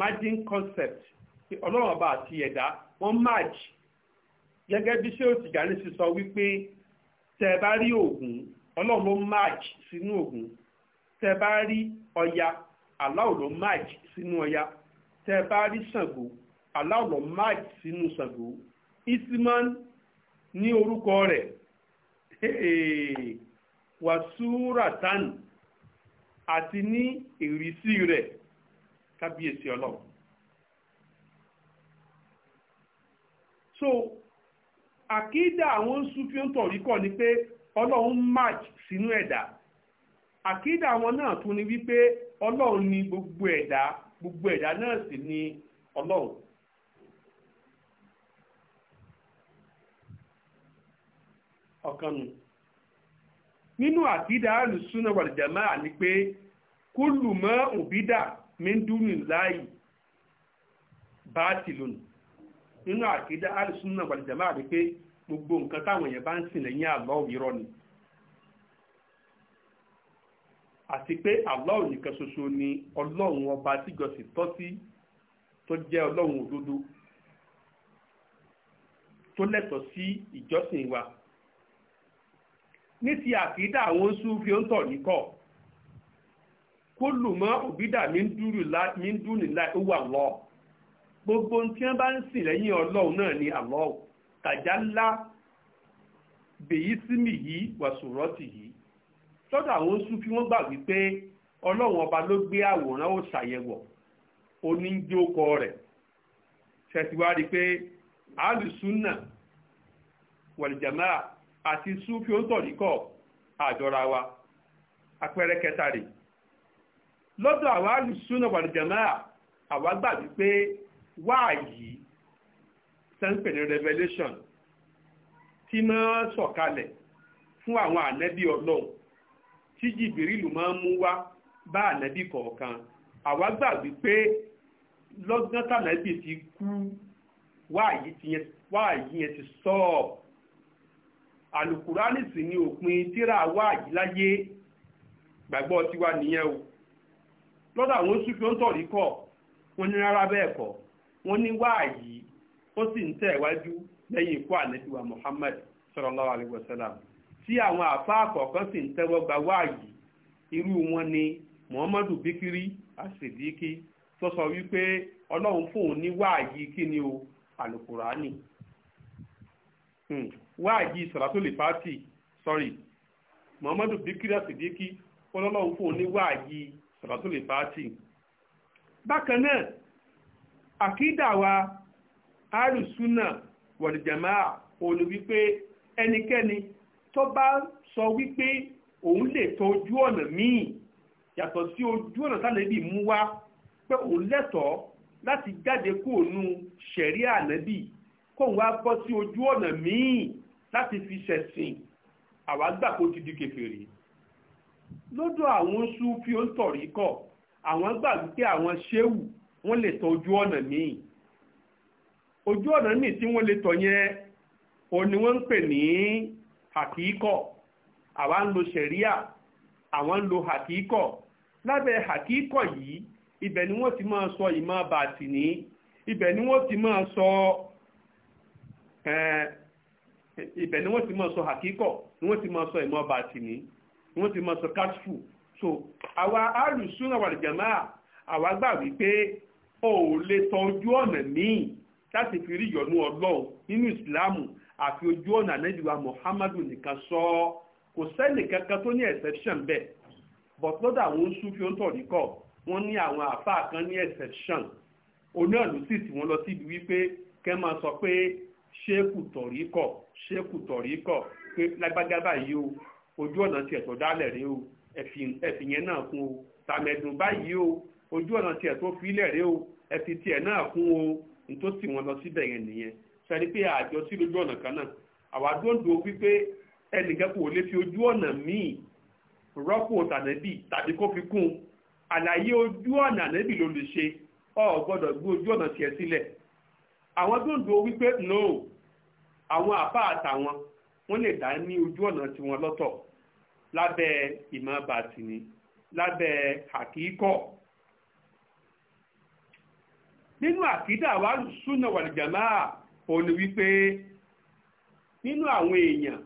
margin concept ọlọ́run ọba àti ẹ̀dá wọ́n march gẹ́gẹ́ bí ṣé òtìjà ní sísọ wípé tẹ̀ bá rí ọlọ́run ló march sínú ògún tẹ bá rí ọya aláwo ló march sínú ọya tẹ bá rí ṣàngó aláwo ló march sínú ṣàngó isman ní orúkọ rẹ̀ wàsúràtán àti ní ìrísí rẹ̀ kábíyèsí ọlọ́run. so àkídà àwọn sufi ń tọ̀rí kọ́ ni pé ọlọ́run march sínú ẹ̀dá àkídà wọn náà tún ni wípé ọlọ́run ni gbogbo ẹ̀dá gbogbo ẹ̀dá náà sì ni ọlọ́run ọ̀kanu nínú àkídà alùsúnà wàlìjàmá ni pé kúlù mọ́ òbídà mẹ́ndúnì láàyè bá ti lónìí nínú àkídà alùsúnà wàlìjàmá ni pé gbogbo nǹkan táwọn èèyàn bá ń sìn lẹ́yìn Allah irọ́ ni àti pé Allah nìkan ṣoṣo ni ọlọ́run ọba tíjọsìn tọ́ sí tó jẹ́ ọlọ́run òdodo tó lẹ́tọ̀ọ́ sí ìjọsìn wa ní ti àkídà àwọn Súfì ń tọ̀ níkọ̀ kó lù mọ́ òbídà mi ń dùn nílá owó Allah gbogbo tí bá ń sìn lẹ́yìn ọlọ́run náà ni Allah tàjálá bèyísímì yìí wàsùrọ́tì yìí lọ́dọ̀ àwọn Súfí wọ́n gbà wípé ọlọ́run ọba ló gbé àwòrán ó ṣàyẹ̀wò oníjókọ rẹ̀ ṣẹ̀síwárí pé alùsùnà wàlìjàmá àti Súfí ó tọ̀ríkọ̀ àjọra wa àpẹẹrẹ kẹta rèé lọ́dọ̀ àwọn alùsùnà wàlìjàmá àwa gbà wípé wáàyí sẹ́ńpẹ̀ ní revelation tí máa sọ̀kalẹ̀ fún àwọn ànẹ́bí ọlọ́run tí jìbìrìlù máa ń mú wá bá ànẹ́bí kọ̀ọ̀kan àwa gbà wípé lọ́gán tànẹ́bí ti kú wáàyí yẹn ti sọ́ọ̀bù alukurani sì ni òpin tíra wáàyí láyé gbàgbọ́ tiwa nìyẹn o lọ́dọ̀ àwọn sùfẹ́ ń tọ̀rí kọ̀ wọ́n ní rárá bẹ́ẹ̀ kọ́ wọ́n ní wáàyí ó sì ń tẹ̀ wájú lẹ́yìn ikú ànábì wa Muhammad sallallahu alaihi wasallam tí àwọn àfáà kọ̀ọ̀kan sì ń tẹ́wọ́ gba wáàyí irú wọn ni Muhammadu Bikiri Asidiki tó sọ wípé Ọlọ́run fóun ní wáàyí ni o alukurani hmm. wáàyí sọ̀rọ̀tòlè pàtì sorry Muhammadu Bikiri Asidiki Ọlọ́run fóun ní wáàyí sọ̀rọ̀tòlè pàtì bákan náà àkídà wa alùsùnà wọ̀lìjàmá òun ni wípé ẹnikẹ́ni tó bá sọ wípé òun lè tọ ojú ọ̀nà míì yàtọ̀ sí ojú ọ̀nà tánàbí mú wá pé òun lẹ́tọ̀ọ́ láti jáde kóònù ṣẹ̀rí ànábì kóun wá bọ́ sí ojú ọ̀nà míì láti fi ṣẹ̀sìn àwa gbà kó ti di kèfèrí lọ́dọ̀ àwọn Súfì ó ń tọ̀rí kọ̀ àwọn gbà wípé àwọn ṣéwù wọ́n lè tọ ojú ọ̀nà míì ojú ọ̀nà míì tí wọ́n lè tọ̀ o ni wọ́n ń pè ní hakíkọ̀ àwa ń lo sẹ̀ríà àwọn lo hakíkọ̀ lábẹ́ hakíkọ̀ yìí ibẹ̀ ni wọ́n ti máa sọ ìmọ̀ bàtì ní ibẹ̀ ni wọ́n ni wọ́n ti máa sọ hakíkọ̀ ni wọ́n ti máa sọ ìmọ̀ bàtì ní ni wọ́n ti máa sọ so àwa alùsùn àwàlùjàmáà àwa gbà wípé o ò lè tọ ọ̀nà míì láti fi rí ìyọ̀nú ọlọ́run nínú ìsìláàmù àfi ojú ọ̀nà ànábìwá muhammadu nìkan sọ ọ́ kò sẹ́nì kankan tó ní exception bẹ́ẹ̀ but lọ́dọ̀ àwọn oṣù fi ń tọ̀rí kọ́ wọ́n ní àwọn àáfàá kan ní exception oní ọ̀lú sì tí wọ́n lọ síbi wípé kẹ́ máa sọ pé ṣéèkù tọ̀rí kọ̀ ṣéèkù tọ̀rí kọ̀ pé lágbájá báyìí o ojú ọ̀nà tiẹ̀ tó dálẹ̀ rí o ẹ̀fìn yẹn náà kún o tàmẹ̀dùn báyìí o ojú ọ̀nà tiẹ̀ tó fi ilẹ̀ rí o ẹ̀fìn tiẹ̀ náà kún o ní tó sì wọn lọ síbẹ̀ yẹn nìyẹn sẹ́ni pé àjọ sí lójú ọ̀nà kan náà àwa dóńdó wípé ẹnìkan kò lè fi ojú ọ̀nà míì rọ́pò tànẹ́bì tàbí kó fi kún un àlàyé ojú ọ̀nà ànẹ́bì ló lè ṣe o gbọ́dọ̀ gbé ojú ọ̀nà tiẹ̀ sílẹ̀ àwọn dóńdó wípé no àwọn àbá àtàwọn wọ́n lè dá ní ojú ọ̀nà tiwọn lọ́tọ̀ lábẹ́ ìmọ̀ bàtìní lábẹ́ àkíkọ́ nínú àkídà wa súnà wàlìjàmá ò ní wípé nínú àwọn èèyàn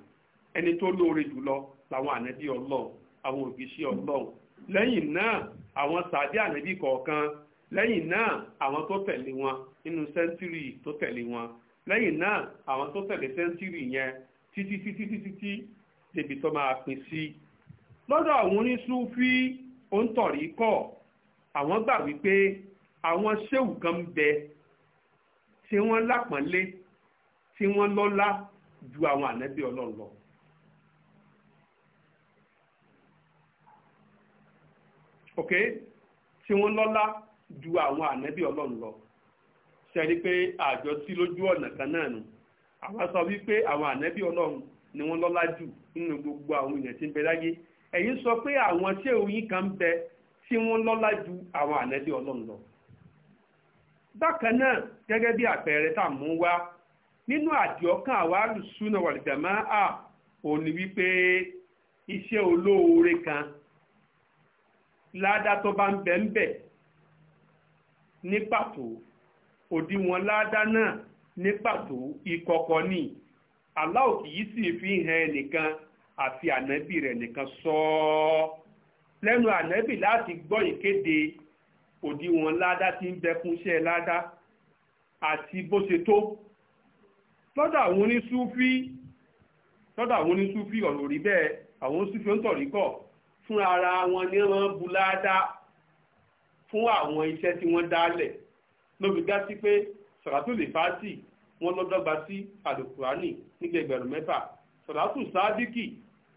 ẹni tó lóore jùlọ làwọn ànábì ọlọ́run àwọn òjíṣẹ́ ọlọ́run lẹ́yìn náà àwọn sàdé ànábì kọ̀ọ̀kan lẹ́yìn náà àwọn tó tẹ̀lé wọn nínú sẹ́ńtírì tó tẹ̀lé wọn lẹ́yìn náà àwọn tó tẹ̀lé sẹ́ńtírì yẹn títí títí títí tí débi tó máa pín sí. lọ́dọ̀ àwọn oníṣúfí òǹtọ̀rí kọ̀ àwọn gbà wípé àwọn ṣéwù kan ń bẹ tí wọ́n lápọ́nlé tí wọ́n lọ́lá ju àwọn ànábì ọlọ́run lọ. ok tí wọ́n lọ́lá ju àwọn ànábì ọlọ́run lọ ṣẹ́ni pé àjọ sí lójú ọ̀nà kan náà nù àwọn sọ wípé àwọn ànábì ọlọ́run ni wọ́n lọ́lá jù nínú gbogbo àwọn èèyàn tí ń bẹ láyé ẹ̀yin sọ pé àwọn ṣéwù yín kan ń bẹ tí wọ́n lọ́lá ju àwọn ànábì ọlọ́run lọ bákan náà gẹ́gẹ́ bí àpẹẹrẹ tá à mú wá nínú àdìọ́kàn àwa lùsùnà wàlìjàmá à òní wípé iṣẹ́ olóore kan ládá tó bá ń bẹ ń bẹ ní pàtó òdiwọ̀n ládá náà ní pàtó ìkọ̀kọ̀ ni aláwò kìí sì fi hàn ẹnìkan àti ànábì rẹ̀ nìkan sọ lẹ́nu ànábì láti gbọ́ ìkéde òdiwọ̀n ládá tí ń bẹ fún iṣẹ́ ládá àti bó ṣe tó lọ́dọ̀ àwọn onísúfí lọ́dọ̀ àwọn onísúfí ọ̀rọ̀ rí bẹ́ẹ̀ àwọn onísúfí ń tọ̀rí kọ̀ fún ara wọn ní wọ́n bu ládá fún àwọn iṣẹ́ tí wọ́n dálẹ̀ lóbi gá sí pé sàràtù lè fásì wọ́n lọ́dọ́gba sí àlùkùránì nígbà ẹgbẹ̀rún mẹ́fà sàràtù sádìkì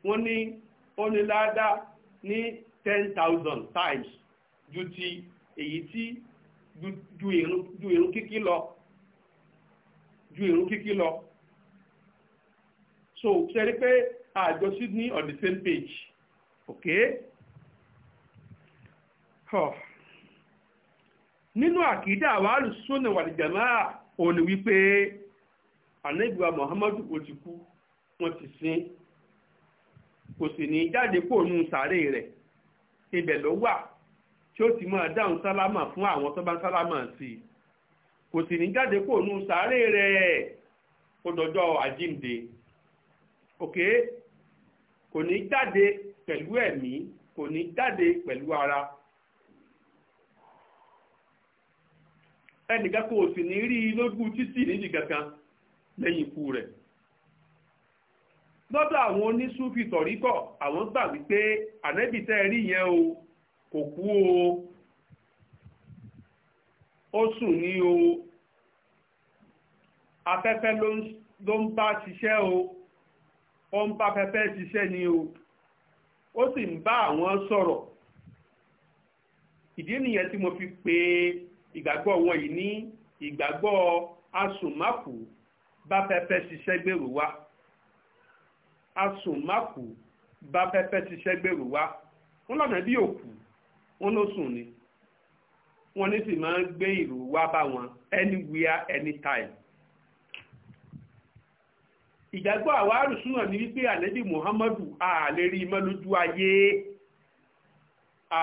wọ́n ní ó ní ládá ní ten thousand times ju ti èyí tí ju ìrun kíkí lọ ju ìrun kíkí lọ so ṣe rí pé àjọ Sydney on the same page ok nínú àkídà àwárí sunna wàlìjàmá òun ni wípé ànábìwá Muhammadu kò ti kú wọ́n ti sin kò sì ní jáde kó nù sàárè rẹ̀ ibẹ̀ ló wà tí ó ti máa dáhùn sálámà fún àwọn tó bá sálámà sí i kò sì ní jáde kó nu sàárè rẹ̀ kó dọjọ́ àjíǹde òkè kò ní jáde pẹ̀lú ẹ̀mí kò ní jáde pẹ̀lú ara ẹnìkan kò sì ní rí i lójú títì níbi kankan lẹ́yìn ikú rẹ̀ lọ́dọ̀ àwọn onísúfì tọ̀ríkọ̀ àwọn gbà wípé ànẹ́bìtẹ́ rí yẹn o kò kú o ó sùn ní o afẹ́fẹ́ ló ń bá ṣiṣẹ́ o ó ń bá afẹ́fẹ́ ṣiṣẹ́ ni o ó sì ń bá àwọn sọ̀rọ̀ ìdí nìyẹn tí mo fi pe ìgbàgbọ́ wọn yìí ní ìgbàgbọ́ asùnmákù bá fẹ́fẹ́ ṣiṣẹ́ gbèrò wá asùnmákù bá fẹ́fẹ́ ṣiṣẹ́ gbèrò wá wọn lànà bí òkú wọ́n ló sùn ni wọ́n ní sì máa ń gbé ìlú wá bá wọn anywhere anytime. ìgbàgbọ́ àwa àrùsùnà ni wípé ànábì muhammadu àlérí mọ́ lójú ayé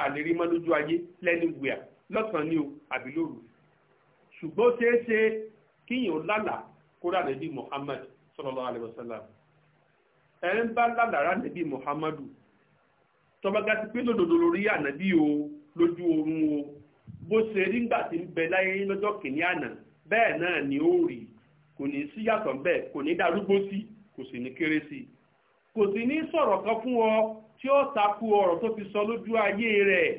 àlérí mọ́ lójú ayé lẹ́nìwẹ̀ẹ́ lọ́sàn-án ni o àbí lóru ṣùgbọ́n ó ṣeé ṣe kíyàn lálàá kó rà ànábì muhammad sallallahu alaihi wasallam ẹ̀ ń bá lálàá rà ànábì muhammadu tọ́bágá ti pé lòdòdó lórí ànábì o lójú oorun o bó ṣe rí ńgbà tí ń bẹ láyé lọ́jọ́ kìíní àná bẹ́ẹ̀ náà ni ó rí kò ní sí yàtọ̀ bẹ́ẹ̀ kò ní darúgbó sí kò sì ní kéré sí kò sì ní sọ̀rọ̀ kan fún ọ tí ó takú ọ̀rọ̀ tó fi sọ lójú ayé rẹ̀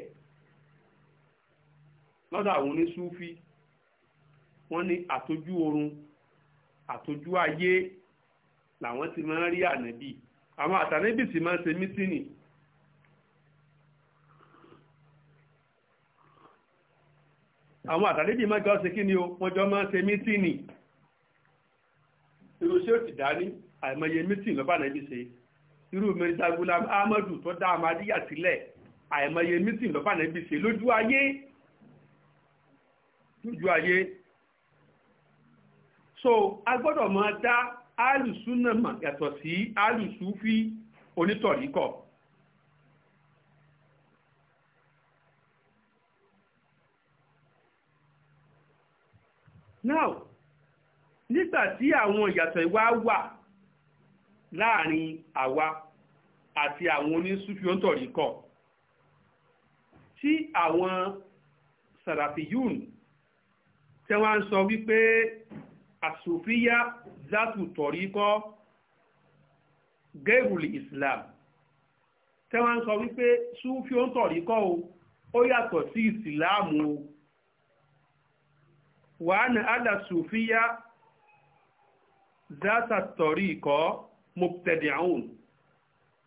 lọ́dọ̀ àwọn oníṣúfí wọ́n ní àtọ́jú oorun àtọ́jú ayé làwọn ti máa ń rí ànábì àwọn àtànábì sì máa ń ṣe àwọn àtàlébì mẹ́jọ ṣe kí ni o wọ́n jọ máa ń ṣe mítìnì irú ṣé ó ti dání àìmọye mítìnì lọ́ba nàbí ṣe irú mẹ́ta gulam ahmadu tó dá amadíyà sílẹ̀ àìmọye mítìnì lọ́ba nàbí ṣe lójú ayé lójú ayé so a gbọ́dọ̀ máa dá alùsùn náà yàtọ̀ sí alùsùn fi onítọ̀ríkọ̀. now nígbà tí àwọn ìyàtọ̀ ìwà wà láàrin àwa àti àwọn onísúfíọ́ntọ̀rí kọ̀ tí àwọn sàràfíyùn tí wọ́n ń sọ wípé àsòfíyà zátù tọ̀rí kọ́ gẹ́rùlì islam tí wọ́n ń sọ wípé súfíọ́ntọ̀rí kọ́ o ó yàtọ̀ sí ìsìláàmù o wàhánà alàsùfíyà zátàtọ̀rí ikọ̀ mọ̀tẹ̀dẹ̀hún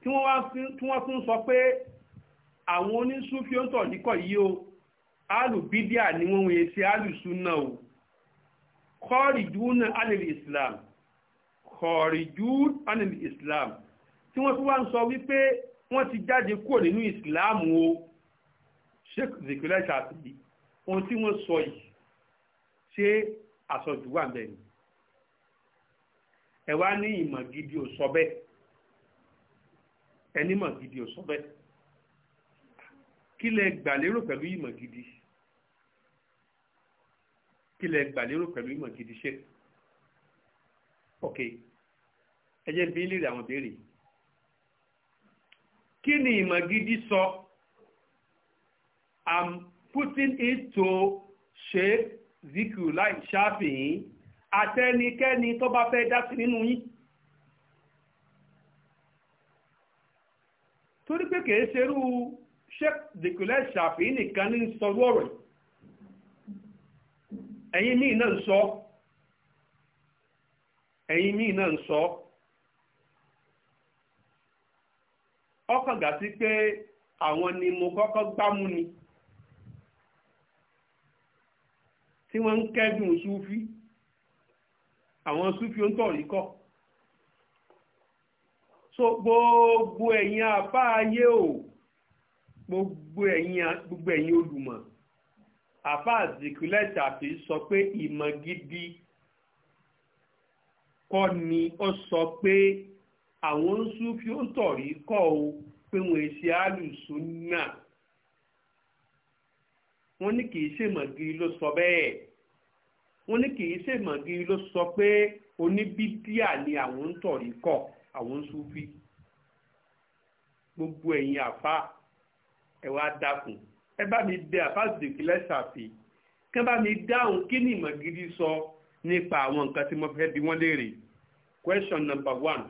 tí wọ́n tún sọ pé àwọn onísúfí ń tọ̀ níkọ̀ yìí o alùbídíà ni wọ́n wọ́n ṣe alùsúnà o kọ́rìjúnà anìlì islam kọ́rìjún anìlì islam tí wọ́n fi wá ń sọ wípé wọ́n ti jáde kúrò nínú islam o sheikh zikula ṣàtìlì ohun tí wọ́n sọ yìí ṣé àsọjù wà bẹ́ẹ̀ ni ẹ wá ní ìmọ̀ gidi ò sọ bẹ́ẹ̀ ẹni mọ̀ gidi ò sọ bẹ́ẹ̀ kí lẹ gbà lérò pẹ̀lú ìmọ̀ gidi kí lẹ gbà lérò pẹ̀lú ìmọ̀ gidi ṣe ok ẹ jẹ́ bí léèrè àwọn béèrè kí ni ìmọ̀ gidi sọ I'm putting it to shape zikiru láì ṣáfihìn àtẹnikẹ́ni tó bá fẹ́ dá sí nínú yín. torí pé kìí ṣerú sheikh zikulẹ̀ ṣàfihàn nìkan ní sọrú ọ̀rọ̀ ẹ̀yin míì náà ń sọ ẹ̀yin míì náà ń sọ ọkàn gà sí pé àwọn ni mo kọ́kọ́ gbámú ni. tí wọ́n ń kẹ́dùn súfí àwọn súfí ó ń tọ̀rí kọ́ so gbogbo ẹ̀yin apá ayé o gbogbo ẹ̀yin olùmọ̀ apá àzìkúlẹ̀tà fi sọ pé ìmọ̀ gidi kọ́ ni ó sọ pé àwọn súfí ó ń tọ̀rí kọ́ o pé wọ́n ṣe àlùsùn náà wọ́n ní kìí ṣe mọ̀gìrì ló sọ bẹ́ẹ̀ wọ́n ní kìí ṣe mọ̀gìrì ló sọ pé oníbídíà ni àwọn ń tọ̀rí kọ̀ àwọn ń súfì gbogbo ẹ̀yin àfa ẹ wá dákun ẹ bá mi bẹ àfa zèkì lẹ́sàfì kí wọ́n bá mi dáhùn kí ni mọ̀gìrì sọ nípa àwọn nǹkan tí mo fẹ́ bi wọ́n léèrè question number one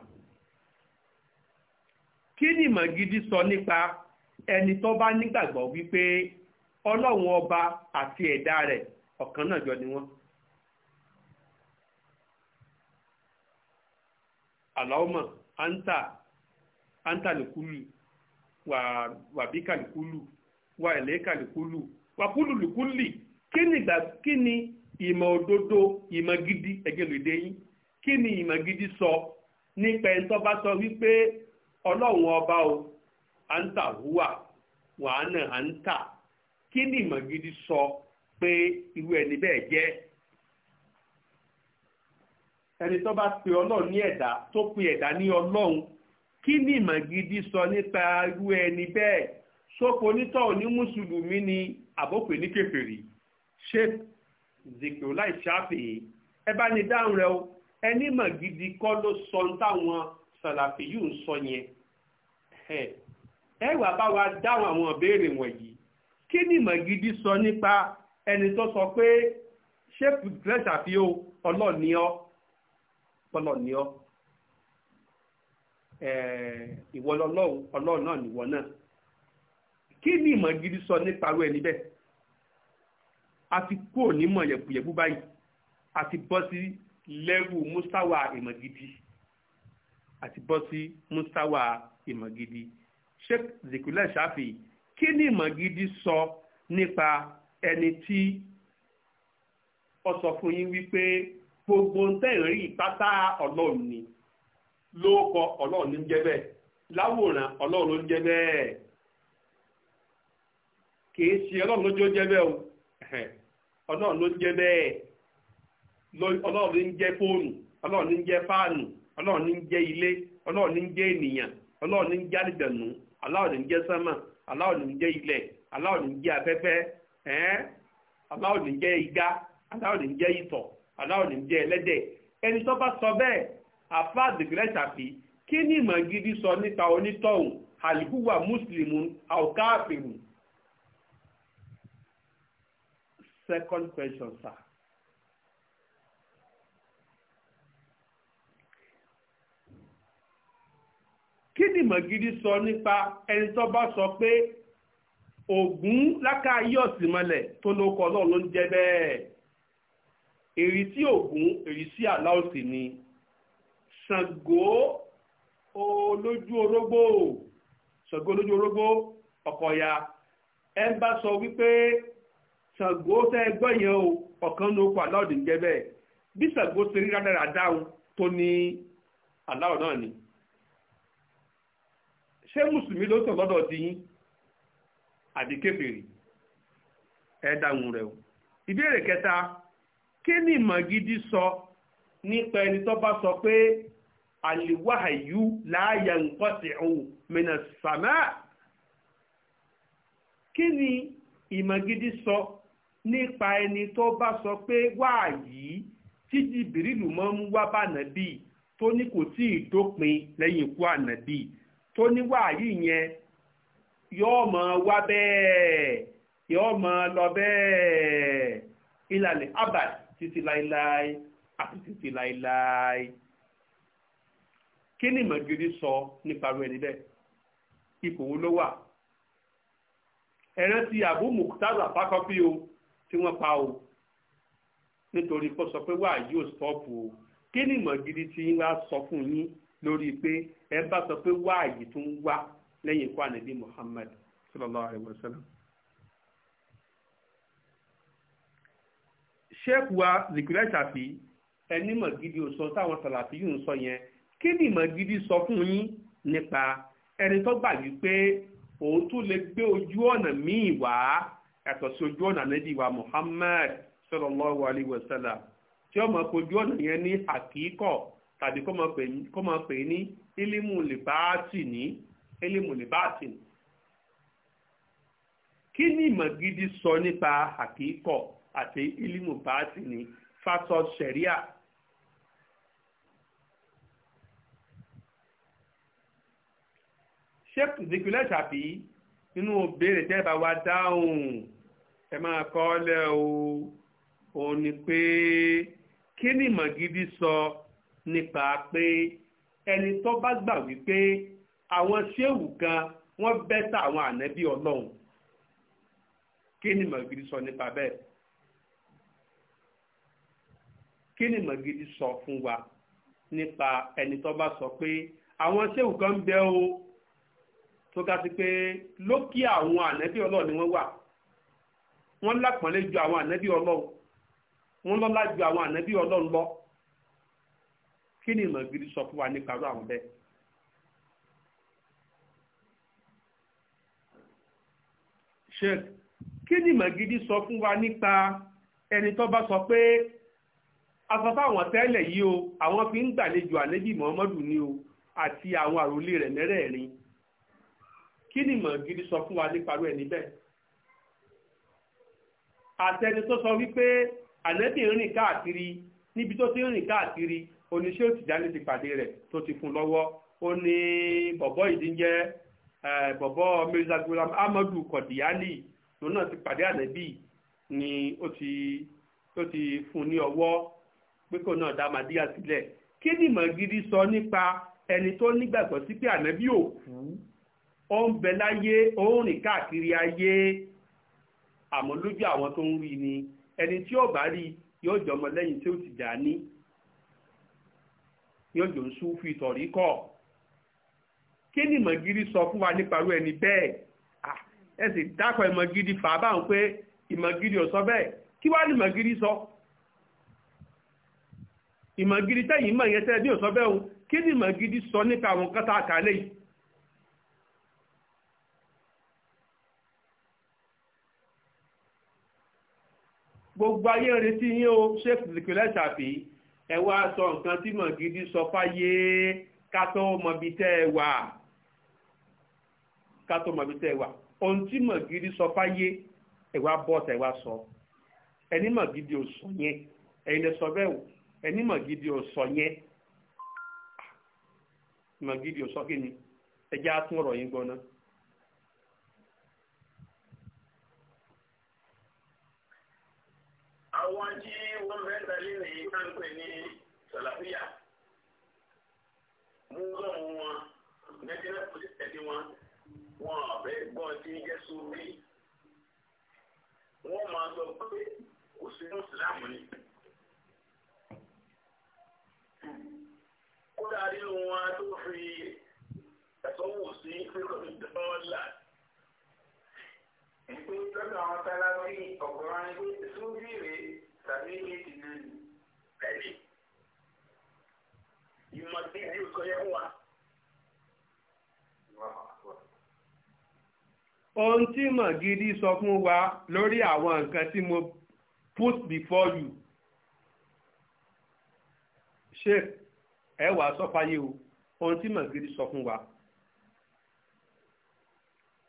kí ni mọ̀gìrì sọ nípa ẹni tó bá nígbàgbọ́ wípé ọlọ́run ọba àti ẹ̀dá rẹ̀ ọ̀kan náà jọ ni wọ́n. anta anta lùkúlù wà wàbíkà wa wà ẹ̀lẹ́kà lùkúlù wà kúlù lùkúlì kí ni ìgbà kí ni ìmọ̀ òdodo ìmọ̀ gidi ẹ̀gẹ́lódé yín kí ni ìmọ̀ gidi sọ nípa ẹni tó bá sọ wípé ọlọ́run ọba o anta huwa wàhánà anta kí ni ìmọ̀ sọ pé irú ẹni bẹ́ẹ̀ jẹ́ ẹni tó bá pe ọlọ́run ní ẹ̀dá tó pe ẹ̀dá ní ọlọ́run kí ni ìmọ̀ gidi sọ nípa irú ẹni bẹ́ẹ̀ sópo onítọ̀ ní mùsùlùmí ni àbópè ní kèfèrí ṣé zikiro láì ṣáfìyè ẹ bá ní dáhùn rẹ o ẹni mọ̀ gidi kọ́ ló sọ táwọn sàlàfì yìí ń sọ yẹn ẹ wàá bá wa dáhùn àwọn ìbéèrè wọ̀nyí kí ni ìmọ̀ gidi sọ nípa ẹni tó sọ pé ṣéèpù dírẹ́sà fi ó ọlọ́ọ̀ni ọ́ ọlọ́ọ̀ni ọ́ nìwọ náà kí ni ìmọ̀ gidi sọ nípa irú ẹni bẹ́ẹ̀ a ti kú onímọ̀ yẹ̀bùyẹ̀bù báyìí a ti bọ́ sí lẹ́rù mustawa ìmọ̀ gidi a bọ́ sí mustawa ìmọ̀ gidi sheikh zikulẹ̀ shafi kí ni ìmọ̀ gidi sọ nípa ẹni tí wípé gbogbo ń tẹ̀rí ìpátá ọlọ́run ni lóókọ ọlọ́run ní jẹ́ bẹ́ẹ̀ láwòrán ọlọ́run ló ń jẹ́ bẹ́ẹ̀ kìí ṣe ọlọ́run lójó jẹ́ bẹ́ẹ̀ o ọlọ́run ló ń jẹ́ bẹ́ẹ̀ ọlọ́run ní jẹ́ fóònù ọlọ́run ní jẹ́ fáànù ọlọ́run ní jẹ́ ilé ọlọ́run jẹ́ ènìyàn ọlọ́run jẹ́ jẹ́ Allah ò ní jẹ́ ilẹ̀ Allah ò ní jẹ́ afẹ́fẹ́ ẹ́n Allah ò ní jẹ́ igá Allah ò ní jẹ́ ìtọ̀ Allah ò ní jẹ́ ẹlẹ́dẹ̀ ẹni tó bá sọ bẹ́ẹ̀ àfa dèbìrẹ́ ṣàfi kí ni ìmọ̀ gidi sọ nípa onítọ̀hún àlùkùwà mùsùlùmù àwòkáàpẹ̀rù second question sir. kí ni mọ̀gidi sọ nípa ẹni tó bá sọ pé ògún lákàáyé ọ̀sìn mọ́lẹ̀ tó ló kọ́ náà ló ń jẹ́ bẹ́ẹ̀ ìrísí ògún ìrísí aláòsì ni sango olójú orógbó ṣàngó olójú orógbó ọ̀kọ̀yà ẹ ń bá sọ wípé ṣàngó tẹ́ gbọ́ yẹn o ọ̀kan ló kọ́ aláòdì ń jẹ́ bẹ́ẹ̀ bí ṣàngó ṣe rí rádaràdá tó ní aláò náà ni. ṣé mùsùlùmí ló sọ lọ́dọ̀ ti yín àbí rẹ̀ o ìbéèrè kẹta kí ni sọ nípa ẹni tó bá sọ pé àlìwáhàyú láàyè nǹkan ti hù mìíràn sàmà kí ni sọ nípa ẹni tó bá sọ pé wáàyí ń wá bá tó ní kò tí tó níwà yìí yẹn yóò mọ̀ wá bẹ́ẹ̀ yóò mọ̀ lọ bẹ́ẹ̀ ìlàlẹ̀ abad títí láíláí àti títí láíláí kí ni ìmọ̀ gidi sọ nípa rẹ̀ níbẹ̀ ipò wo ló wà ẹ̀rẹ́ ti àbú mùkútàzà fákọ́pí o tí wọ́n pa o nítorí kó sọ pé wà yóò stọ́ọ̀pù o kí ni ìmọ̀ gidi ti ń sọ fún yín lórí pé ẹ bá sọ pé wáàyí tún wá lẹ́yìn ikú ànábì Muhammad sallallahu alayhi wa sallam. sheikh wa zikirẹ́ ṣàfi ẹni mọ̀ gidi ò sọ táwọn sàlàfí yìí ń sọ yẹn kí ni mọ̀ gidi sọ fún yín nípa ẹni tó gbà wípé òun tún lè gbé ojú ọ̀nà míì wá yàtọ̀ sí ojú ọ̀nà ànábì wa Muhammad sallallahu alayhi wa sallam tí ó mọ̀ ọ̀nà yẹn ní àkíkọ̀ tàbí kó máa pè ní ilimu libaati ní ilimu libaati ní. kí ni ìmọ̀ gidi sọ nípa àkíkọ̀ àti ilimu baati ní fásọ sẹ̀ríà. sheikh zikule ṣàbí nínú òbéèrè tẹ́ẹ̀bà wa dáhùn ẹ máa kọ́ lẹ́ o òun ni pé kí ni ìmọ̀ sọ. So, nípa pé ẹni tó bá gbà wípé àwọn ṣéwù kan wọ́n bẹ́tà àwọn ànábì ọlọ́run kí ni mọ̀gidi sọ nípa bẹ́ẹ̀ kí ni mọ̀gidi sọ fún wa nípa ẹni tó bá sọ pé àwọn ṣéwù kan bẹ́ o tó ga sí pé lókè àwọn ànábì ọlọ́run ni wọ́n wà wọ́n lápọ̀nlé ju àwọn ànábì ọlọ́run wọ́n lọ́lá ju àwọn ànábì ọlọ́run lọ kí ni ìmọ̀ gidi sọ fún wa nípa irú àwọn bẹ́ẹ̀. sheikh kí ni sọ fún wa nípa ẹni tó bá sọ pé aṣọ táwọn tẹ́lẹ̀ yìí o àwọn fi ń gbàlejò àlejò Muhammadu ni o àti àwọn àròlé rẹ̀ mẹ́rẹ̀ẹ̀rin kí ni ìmọ̀ gidi sọ fún wa nípa irú ẹni bẹ́ẹ̀ àtẹni tó sọ wípé ànẹ́bì ń rìn káàkiri níbi tó ti ń rìn káàkiri oníṣẹ́ òtìjáde ti pàdé rẹ̀ tó ti fún lọ́wọ́ ó ní bọ̀bọ́ ìdí ń jẹ́ eh, bọ̀bọ́ Mirza Ghulam Ahmadu Kọ̀díyálì lòun náà ti pàdé ànẹ́bì ni ó ti ó ti fún ní ọwọ́ pé kò náà dá màdíyà sílẹ̀ kí ni ìmọ̀ gidi sọ nípa ẹni tó nígbàgbọ́ sí pé ànẹ́bì ò ó ń bẹ láyé ó ń rìn káàkiri ayé àmọ́ lójú àwọn tó ń rí ni ẹni tí ó bá rí yóò jọmọ lẹ́yìn tí ó ti dà ní yóò jò ń súfì tọ̀rí kọ̀ kí ni mọ̀gírí sọ fún wa níparú ẹni bẹ́ẹ̀ ẹ sì dákọ̀ ìmọ̀gírí fà á báwọn pé ìmọ̀gírí ò sọ bẹ́ẹ̀ kí wá ní mọ̀gírí sọ ìmọ̀gírí tẹ́yìn mọ̀ yẹn tẹ́ ní ò bẹ́ẹ̀ o kí ni mọ̀gírí sọ nípa àwọn kọ́tà àkàlẹ́ yìí gbogbo ayé retí yín o sheikh zikilẹ ṣàfihàn ẹ wá sọ nǹkan tí mọ̀ gidi sọ fáyé ká tó tẹ́ ẹ wà ká tó tẹ́ ẹ wà gidi sọ fáyé ẹ wá bọ́ tẹ́ wá sọ ẹni mọ̀ gidi ò sọ yẹn lè sọ gidi ò sọ yẹn gidi ò sọ kí ni ẹ jẹ́ àtún ọ̀rọ̀ yín ní káńpẹ̀ ní sàlàfíà mú lọ́wọ́ wọn national police ẹ̀dí wọn wọn ọ̀rẹ́ gbọ́ tí ń jẹ́ sórí wọ́n máa sọ pé kò sí mùsùlùmù ni. kódà nínú wọn tó fi ẹ̀sọ́ wò sí pílọ̀tì dọ́là. ìpín lọ́dọ̀ àwọn tálábí ọ̀gọ́rọ̀ ni pé sóbìrì tàbí èdè náà ni tẹ̀lé. You must be the correct one. Ohun tí Màgídí sọ fún wa lórí àwọn nǹkan tí mo put before you. Ṣé ẹ wàá sọ fáyé o? Ohun tí Màgídí sọ fún wa.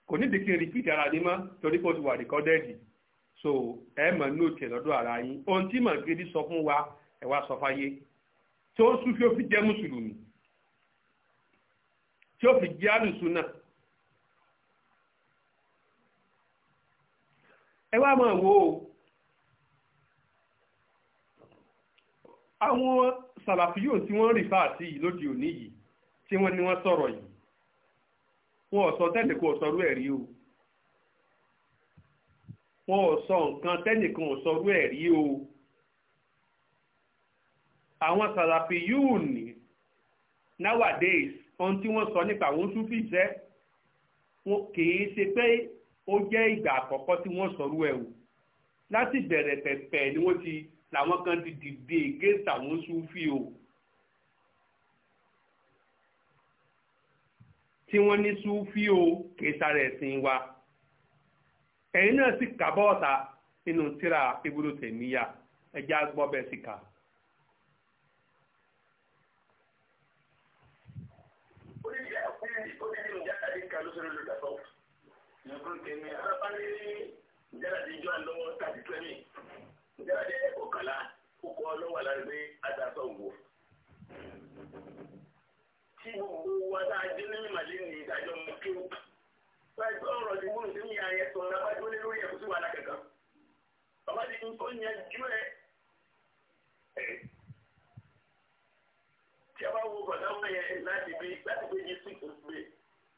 Kò ní dìkì repeat ara ní mọ́ torí kó ti wà recorded. So ẹ mọ̀ ní òkè lọ́dọ̀ ara yín. Ohun tí Màgídí sọ fún wa ẹ wá sọ fáyé tí ó sún fi ó fi jẹ́ mùsùlùmí tí ó fi jẹ́ àlùsùn náà. ẹ wá máa wò ó àwọn sàlàfíyò tí wọ́n rìfà sí yìí lóde òní yìí tí wọ́n ní wọ́n sọ̀rọ̀ yìí wọn sọ tẹ́nìkan ò sọrú ẹ̀ o wọn sọ nǹkan tẹ́nìkan ò sọrú ẹ̀ o àwọn sàlàfì yóò ní nowadays ohun tí wọ́n sọ nípa àwọn súfì jẹ́ wọn kìí ṣe pé ó jẹ́ ìgbà àkọ́kọ́ tí wọ́n sọrú ẹ̀ o láti bẹ̀rẹ̀ pẹ̀pẹ̀ ni wọ́n ti làwọn kan ti dìde against àwọn súfì o. tí wọ́n ní súfì o kìí sára ẹ̀sìn wa ẹ̀yin náà sì kà bọ́ọ̀ta nínú tíra ibùdó tèmíyà ẹja gbọ́ bẹ́ẹ̀ sì kà á. lórí ìdàpọ̀ nǹkan tèmi arábálẹ̀ ìjáde ìjọ àlọ́wọ́ tàbí tẹ́mi ìjáde ọ̀kàlà kókó ọlọ́wọ́ alágbé àdàsọ òwò. tí gbogbo wa tá a dé nínú ìmàlẹ́ ní ìdájọ́ mọ́ kí o pẹ̀lú ọ̀rọ̀ tí wọ́n ti ń yà ẹ̀ sọ̀rọ̀ abájọ́ lé lórí ẹ̀kú sí wàhálà kankan. bàbá ti ń tó yẹn jú ẹ tí a bá wo bàtà wọn yẹn láti bí láti bí yìí sí kò gbé.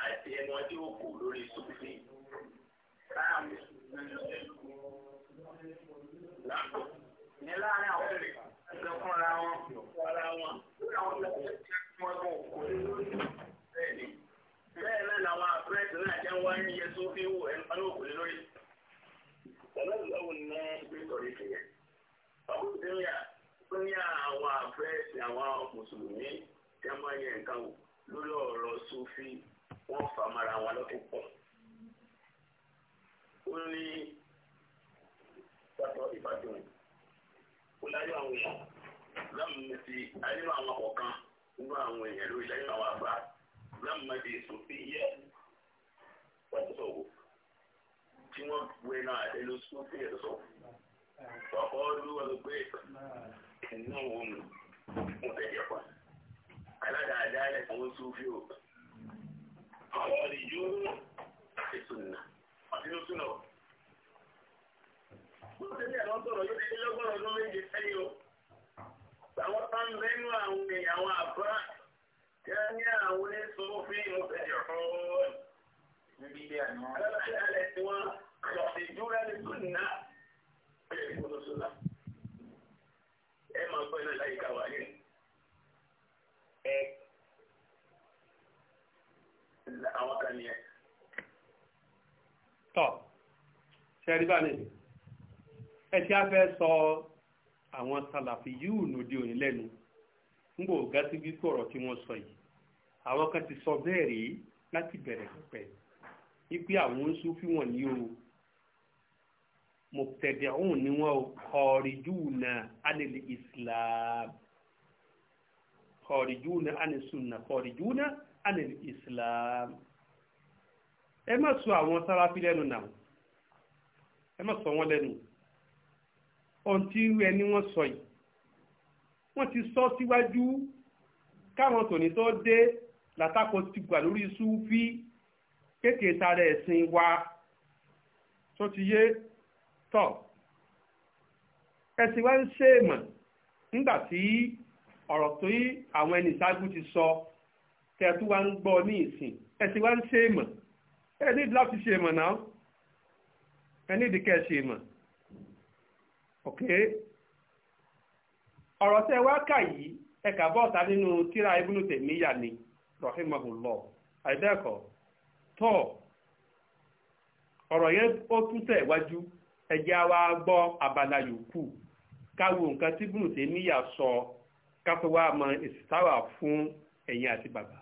àti ẹnu ọdí ó kù lórí sófì láàmú ní láàrin àwọn èrè ìjọ fúnra wọn fúnra wọn àwọn ọmọ tí wọn kò kò lè lórí bẹ́ẹ̀ ni bẹ́ẹ̀ náà làwọn àpẹẹrẹ náà jẹ wá ní iye sófì wò ẹnu ọdí ó kò lè lórí. Bàbá ní ìgbé ìtọ́jú ìṣẹ̀yẹ. Ọkùnrin tí ó yà ó ní àwọn àpẹẹrẹ àwọn mùsùlùmí tẹ́ máa yẹ nǹkan wò lórí ọ̀rọ̀ sófì wọ́n fà mara wọn lọ́tò pọ̀. ó ní pàtó ìbátan ó láyé àwọn èèyàn lámùú ti ayé àwọn kọ̀ọ̀kan nínú àwọn èèyàn lórí láyé àwọn àgbà lámùú ti sòfin yẹ pàtó sọ̀wọ́ tí wọ́n wé náà àdéhùn sófin yẹ sọ̀wọ́ ọkọ ọdún wọn ló gbé inú òun mú tẹ̀lé pa aládàáda ẹ̀ fún sófin òun àwọn ọmọ rẹ̀ yóò ṣe sùnà àti ló sùnà o. Bó ṣe ní àwọn sọ̀rọ̀ yóò ṣe lọ́gbọ̀n ọdún méje sẹ́yìn o. Àwọn tá ń bẹ́nu àwọn èèyàn àwọn àbá tí a ní àwọn oníṣòwò fún ìmọ̀ ẹ̀jẹ̀ fún wọn. Alábàáṣẹ́ alẹ́ tí wọ́n sọ ìdúró ẹni sùnà ẹ̀jẹ̀ ìkúló sùnà. Ẹ máa gbọ́ iná láyìíká wáyé. Ẹ tọ kan nìyẹn. tọ́ ṣẹ́rí ẹ ti á fẹ́ sọ àwọn sàlàfì yìí nòde òní lẹ́nu ń gbò gá sí wípé ọ̀rọ̀ tí wọ́n sọ yìí àwọn kan ti sọ bẹ́ẹ̀ rí láti bẹ̀rẹ̀ pẹ̀ wípé àwọn oṣù fi wọ́n ní o mọ̀tẹ̀dẹ̀hún ni wọ́n kọ̀ọ̀rìjú na anil islam kọ̀ọ̀rìjú na anisunna kọ̀ọ̀rìjú na anil islam ẹ má sọ àwọn sáláfí lẹ́nu náà ẹ má sọ wọn lẹ́nu ohun tí ẹni wọ́n sọ yìí wọ́n ti sọ síwájú káwọn tòní tó dé látàkọ ti gbà lórí súfí kéèké sára ẹ̀sìn wa tó ti yé tọ̀ ẹ̀sìn wa ń ṣe èèmọ̀ nígbà tí ọ̀rọ̀ tó yí àwọn ẹni ìṣáájú ti sọ. So tẹ̀tú wa ń gbọ́ ní ìsìn ẹ wá ń ṣe èèmọ̀ ẹ ní láti ṣe èèmọ̀ náà ẹ ní ìdí kẹ́ ẹ ṣe ok ọ̀rọ̀ tẹ wá kà yìí ẹ kà nínú tíra ni rahimahullah àìbẹ́ẹ̀kọ́ tọ́ ọ̀rọ̀ yẹn ó tún tẹ̀ wájú ẹ̀jẹ̀ wa gbọ́ abala yòókù káwo nǹkan tí ibùnú sọ káfíwá mọ èsì táwà fún àti bàbá.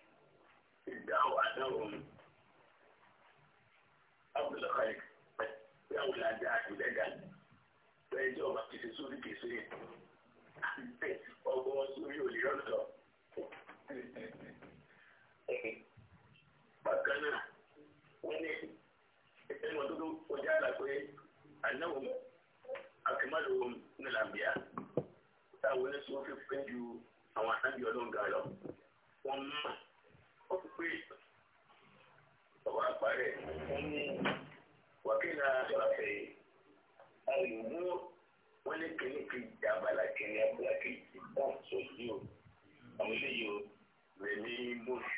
الدعوة أنهم أول الخلق أول أداء الأجل فإذا ما تسسوني كسرين ọgbọ́n sórí òlè ọ̀dọ̀ bákan náà wọ́n ní ẹnu ọdún kọjá là pé ànáwó akẹ́mọ́lò nílàmbíà táwọn oníṣòwò fi pẹ́ ju àwọn àtàbí ọlọ́ǹgà lọ wọ́n mọ̀ ó fi pé ọba àpárẹ̀ ní wákìlá ṣọ́ọ̀fẹ́ àlùmú wọ́n lé kìnnìkì jábàlá kìnnì abúlá kìnnì bá sọ̀tì o àwọn eléyìí o rẹ̀ ní mọ́ọ̀sì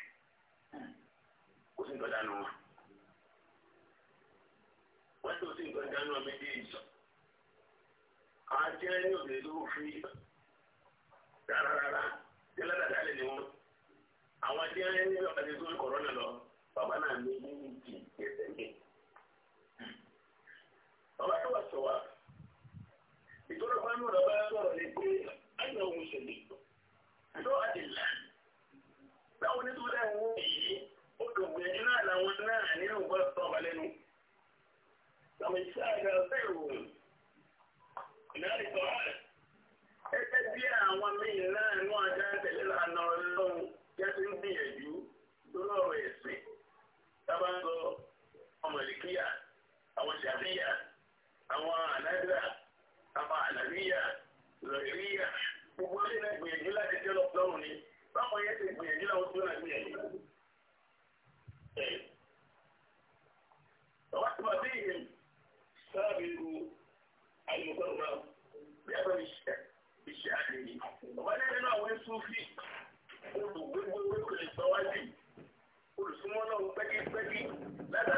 kò sí nǹkan dànù wọn. wọ́n tó sí nǹkan dànù wọn méjèèjì. àti ẹni òbí ló fi rárá rárá tí ládàá dálé ni wọ́n àwọn tí wọ́n ní ọ̀kadì sórí kọ̀rọ̀nà lọ bàbá náà ní méjì ẹsẹ̀ ní. bàbá yóò wá sọ wá ìtọ́jú bá nù bàbá sọ̀rọ̀ ní pé àyà òun ṣẹlẹ̀ ló àdìlà táwọn onítúndà ń wú yìí ó dògbò ẹni náà làwọn náà nínú ìgbọ́dọ̀ tó ọba lẹ́nu. làwọn iṣẹ́ àgbà bẹ́ẹ̀ wò ìnáyà ìtọ́ ẹgbẹ́ bí àwọn míì náà nú àjá tẹ̀lé lánàá tábà ń sọ ọmọ ìlíkíyà àwọn ṣàfíyà àwọn ànágbà àwọn àlàníyà lọ̀ríyà gbogbo ọdún náà gbìyànjú láti tẹ́lọ lọ́rùn ni báwọn yẹn ti gbìyànjú láwọn tó náà gbìyànjú. ọba tó máa bí ìhìn sáàbì ru àyùkọ́ ìgbà bí a bá mi ṣe ìṣe àdéhìí ọba nínú àwọn ẹ̀sùn fi olùgbégbé olùkọ́lẹ̀ sọ́wájú olùsúnmọ́ náà pẹ́kípẹ́kí lábẹ́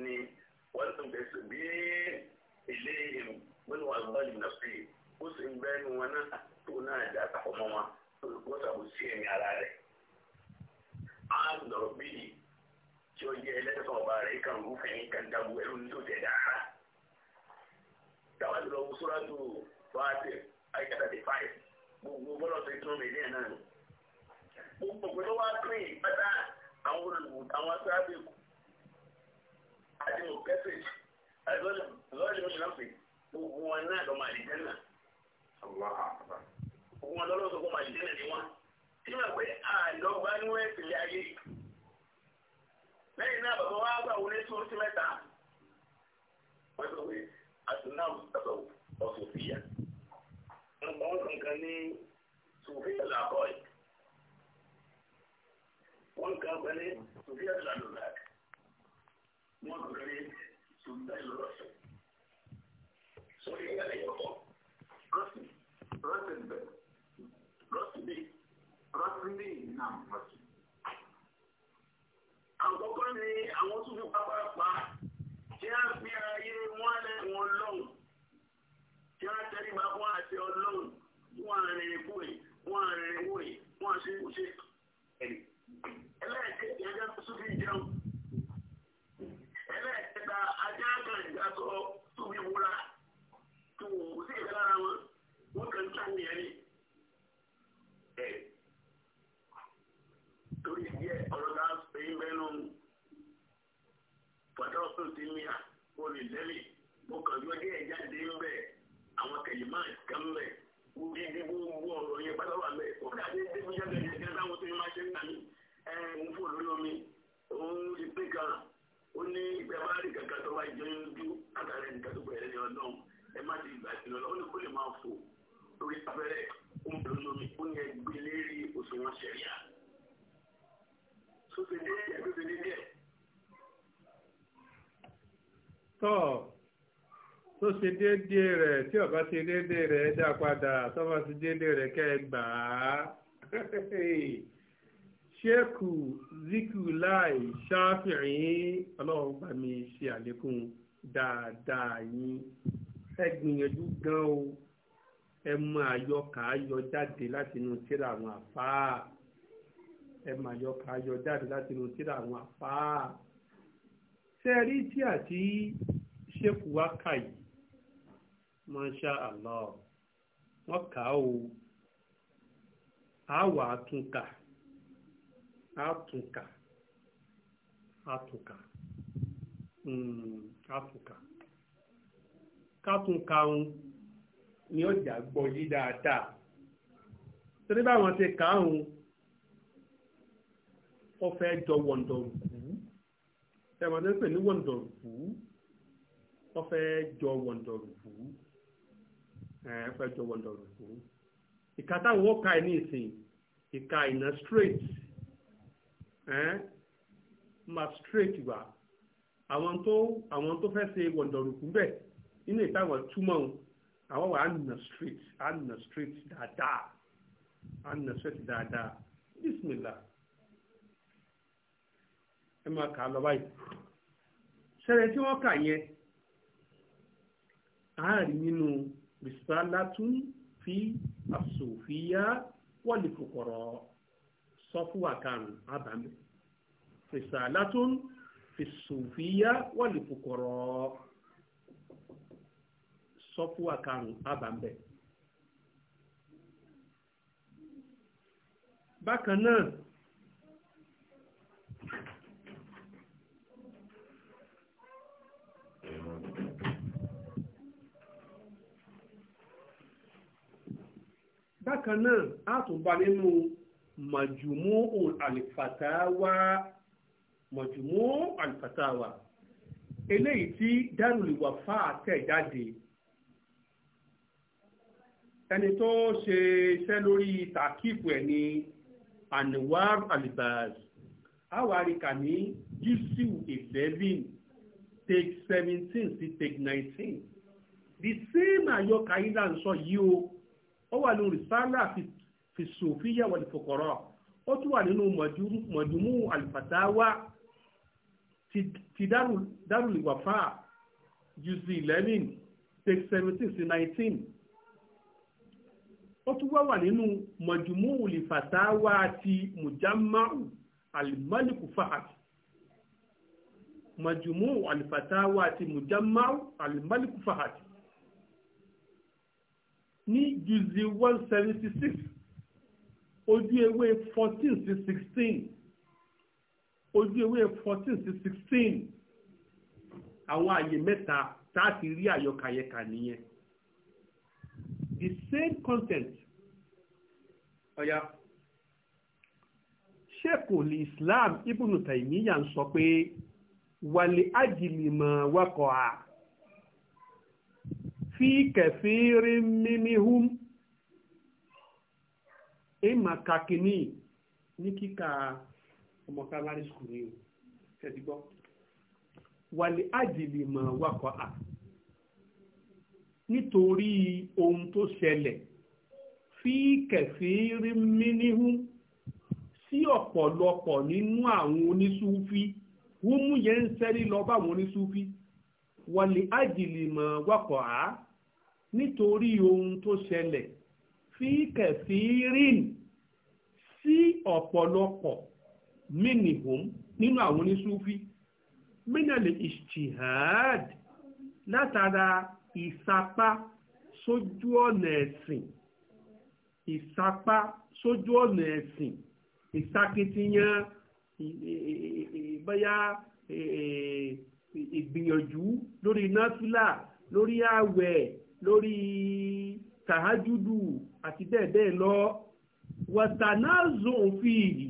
अपने ẹ̀ torí díẹ̀ ọ̀rọ̀ tá a mẹ́nu pọ̀tọ́sùn ti ní à kó lè mo kàn yọ díẹ̀ jáde ń bẹ̀ àwọn kẹ̀yìn máa ń kàn gbogbo ọ̀rọ̀ yẹn pátá wà bẹ̀ débi jáde ní ẹgbẹ́ táwọn tó yẹ máa ṣe ń nà ń fò lórí omi òun ti kan ó ní ìgbẹ́ bá rí kankan tó ń bọ̀ lórí ó yẹ gbé lérí òṣùwọ̀n ṣẹ̀ríà. Tó ṣe déédéé tó ṣe déédéé. Tọ́ tó ṣe déédéé rẹ̀ tí ó bá ṣe déédéé rẹ̀ dá padà tó bá ṣe déédéé rẹ̀ kẹ́ ẹ gbà á. Ṣéèkù Ziku Láì Ṣáfìrín ọlọ́run bá mi ṣe àlékún dáadáa yín. Ẹ gbìyànjú gan o. ẹ mọ àyọkà ayọ jáde láti inú tírà àwọn àfáà ẹ mọ jáde láti inú àwọn ṣe rí tí àti ṣékù wá kà yìí masha allah wọn kà á o àwà àtúnkà àtúnkà àtúnkà àtúnkà hmm, katunka ń. ni ó jà gbọ́ yí dáadáa torí báwọn ti kàáhùn ó fẹ́ jọ wọ̀ǹdọ̀rùkú ẹ̀wọ̀n tó ń pè ní wọ̀ǹdọ̀rùkú ó fẹ́ jọ wọ̀ǹdọ̀rùkú ẹ̀ fẹ́ jọ wọ̀ǹdọ̀rùkú ìka táwọn ó ka ẹ̀ ní ìsìn ìka ìná straight ẹ̀ máa straight wà àwọn tó àwọn tó fẹ́ ṣe wọ̀ǹdọ̀rùkú bẹ́ẹ̀ nínú ìtàwọn túmọ̀ wọn àwọn wà á nà street á nà street dáadáa á nà street dáadáa bísímìlà ẹ máa kà á lọ báyìí sẹ́rẹ̀ tí wọ́n kà yẹn àárín nínú bisalatun fi asòfíà wọ́ọ̀lì kòkòrò sọ́fúwà karùn-ún àbámẹ́ bisalatun fi asòfíà wọ́ọ̀lì kòkòrò sọ́fúwà karùn-ún àbàmbẹ̀. bákan náà bákan náà a tún bá nínú màjùmú àlìfàtàwà màjùmú àlìfàtàwà eléyìí tí dárùlìwà fáà tẹ̀ jáde ẹni tó ṣe iṣẹ́ lórí tàkìpù ẹ̀ ní anwar alibaz awarika ní jísù eleven take seventeen sí take nineteen the same àyọkà yìí là ń sọ yìí o ó wà lórí sálà fi sòfíyà wal fuqara ó tún wà nínú mọ̀júmú alifatawa ti dárúlìwàfà jùsù eleven take seventeen sí nineteen ó tún wá wà nínú mọ̀jùmúù lè fàtáwà ti mùjámáù alimọ́lìkù fahad mọ̀jùmúù alifàtáwà ti mùjámáù alimọ́lìkù fahad ní jùzí 176 ojú ewé 14 sí 16 ojú ewé 14 sí 16 àwọn àyè mẹ́ta tá a ti rí àyọkàyẹkà nìyẹn the same content ọ̀yà Sheikhul Islam Ibn Taymiyyah ń sọ pé wàlẹ̀ ajílìmọ̀ wakọ̀ à fi kẹfìrí mímíhùn ìmà kàkíní ní kíkà ọmọ primary school ni o tẹ̀sígbọ́ wàlẹ̀ ajílìmọ̀ wakọ̀ à nítorí ohun tó ṣẹlẹ̀ fi kẹfìrí mínímù sí ọ̀pọ̀lọpọ̀ nínú àwọn onísúfí wúmú yẹn ń sẹ́rí lọ báwọn onísúfí wàlẹ̀ àjìlìmọ̀ wákọ̀ á nítorí ohun tó ṣẹlẹ̀ fi kẹfìrí sí ọ̀pọ̀lọpọ̀ mínìhùn nínú àwọn onísúfí mínàlè ìṣtìhàd látara ìsapá sójú ọ̀nà ẹ̀sìn ìsapá sójú ọ̀nà ẹ̀sìn ìsakitiyan bóyá ìgbìyànjú lórí náfìlà lórí ààwẹ̀ lórí tàhájúdù àti bẹ́ẹ̀ bẹ́ẹ̀ lọ wàtànáàzò òfin yìí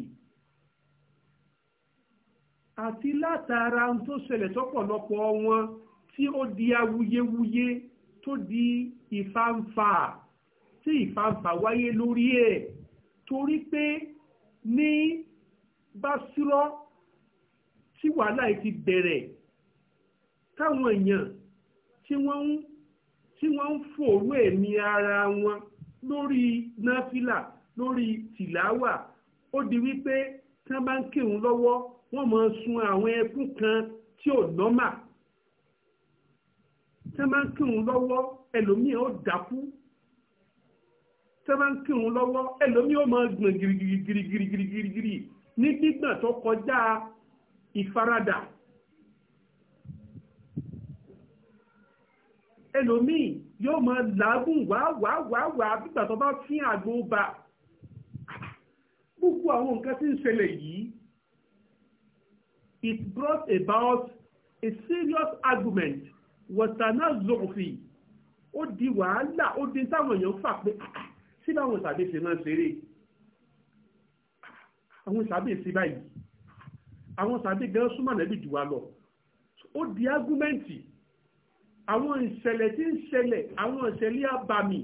àti látara ohun tó ṣẹlẹ̀ sọ́pọ̀lọpọ̀ wọn tí ó di awuyewuye tó di ìfàǹfà tí ìfàǹfà wáyé lórí ẹ̀ torí pé ní Basirọ tí wàhálà yìí ti bẹ̀rẹ̀ táwọn èèyàn tí wọ́n ń tí wọ́n ń fòrú ẹ̀mí ara wọn lórí náfìlà lórí tìláwà ó di wípé tí wọ́n bá ń kírun lọ́wọ́ wọ́n máa sun àwọn ẹkún kan tí ò nọ́mà tẹ́ máa ń kírun lọ́wọ́ ẹlòmíì ó dákú tẹ́ máa ń kírun lọ́wọ́ ẹlòmíì ó máa gbọ̀n girigirigirigirigirigiri ní gbígbọ̀n tó kọjá ìfaradà ẹlòmíì yóò máa làágùn wàáwàáwàá bígbà tó bá fi àgbo bá gbogbo àwọn nǹkan tí ń ṣẹlẹ̀ yìí it brought about a serious argument wọ̀tánà zọ̀fì ó di wàhálà ó di táwọn èèyàn fà pé sí ah, ah, báwọn sàbẹ̀ ṣe máa ṣeré àwọn sàbẹ̀ ṣe báyìí àwọn sàbẹ̀ gan súnmọ́ nẹ́bí jù wá lọ ó di ágúmẹ́ǹtì àwọn ìṣẹ̀lẹ̀ tí ń ṣẹlẹ̀ àwọn ìṣẹ̀lẹ̀ abàmì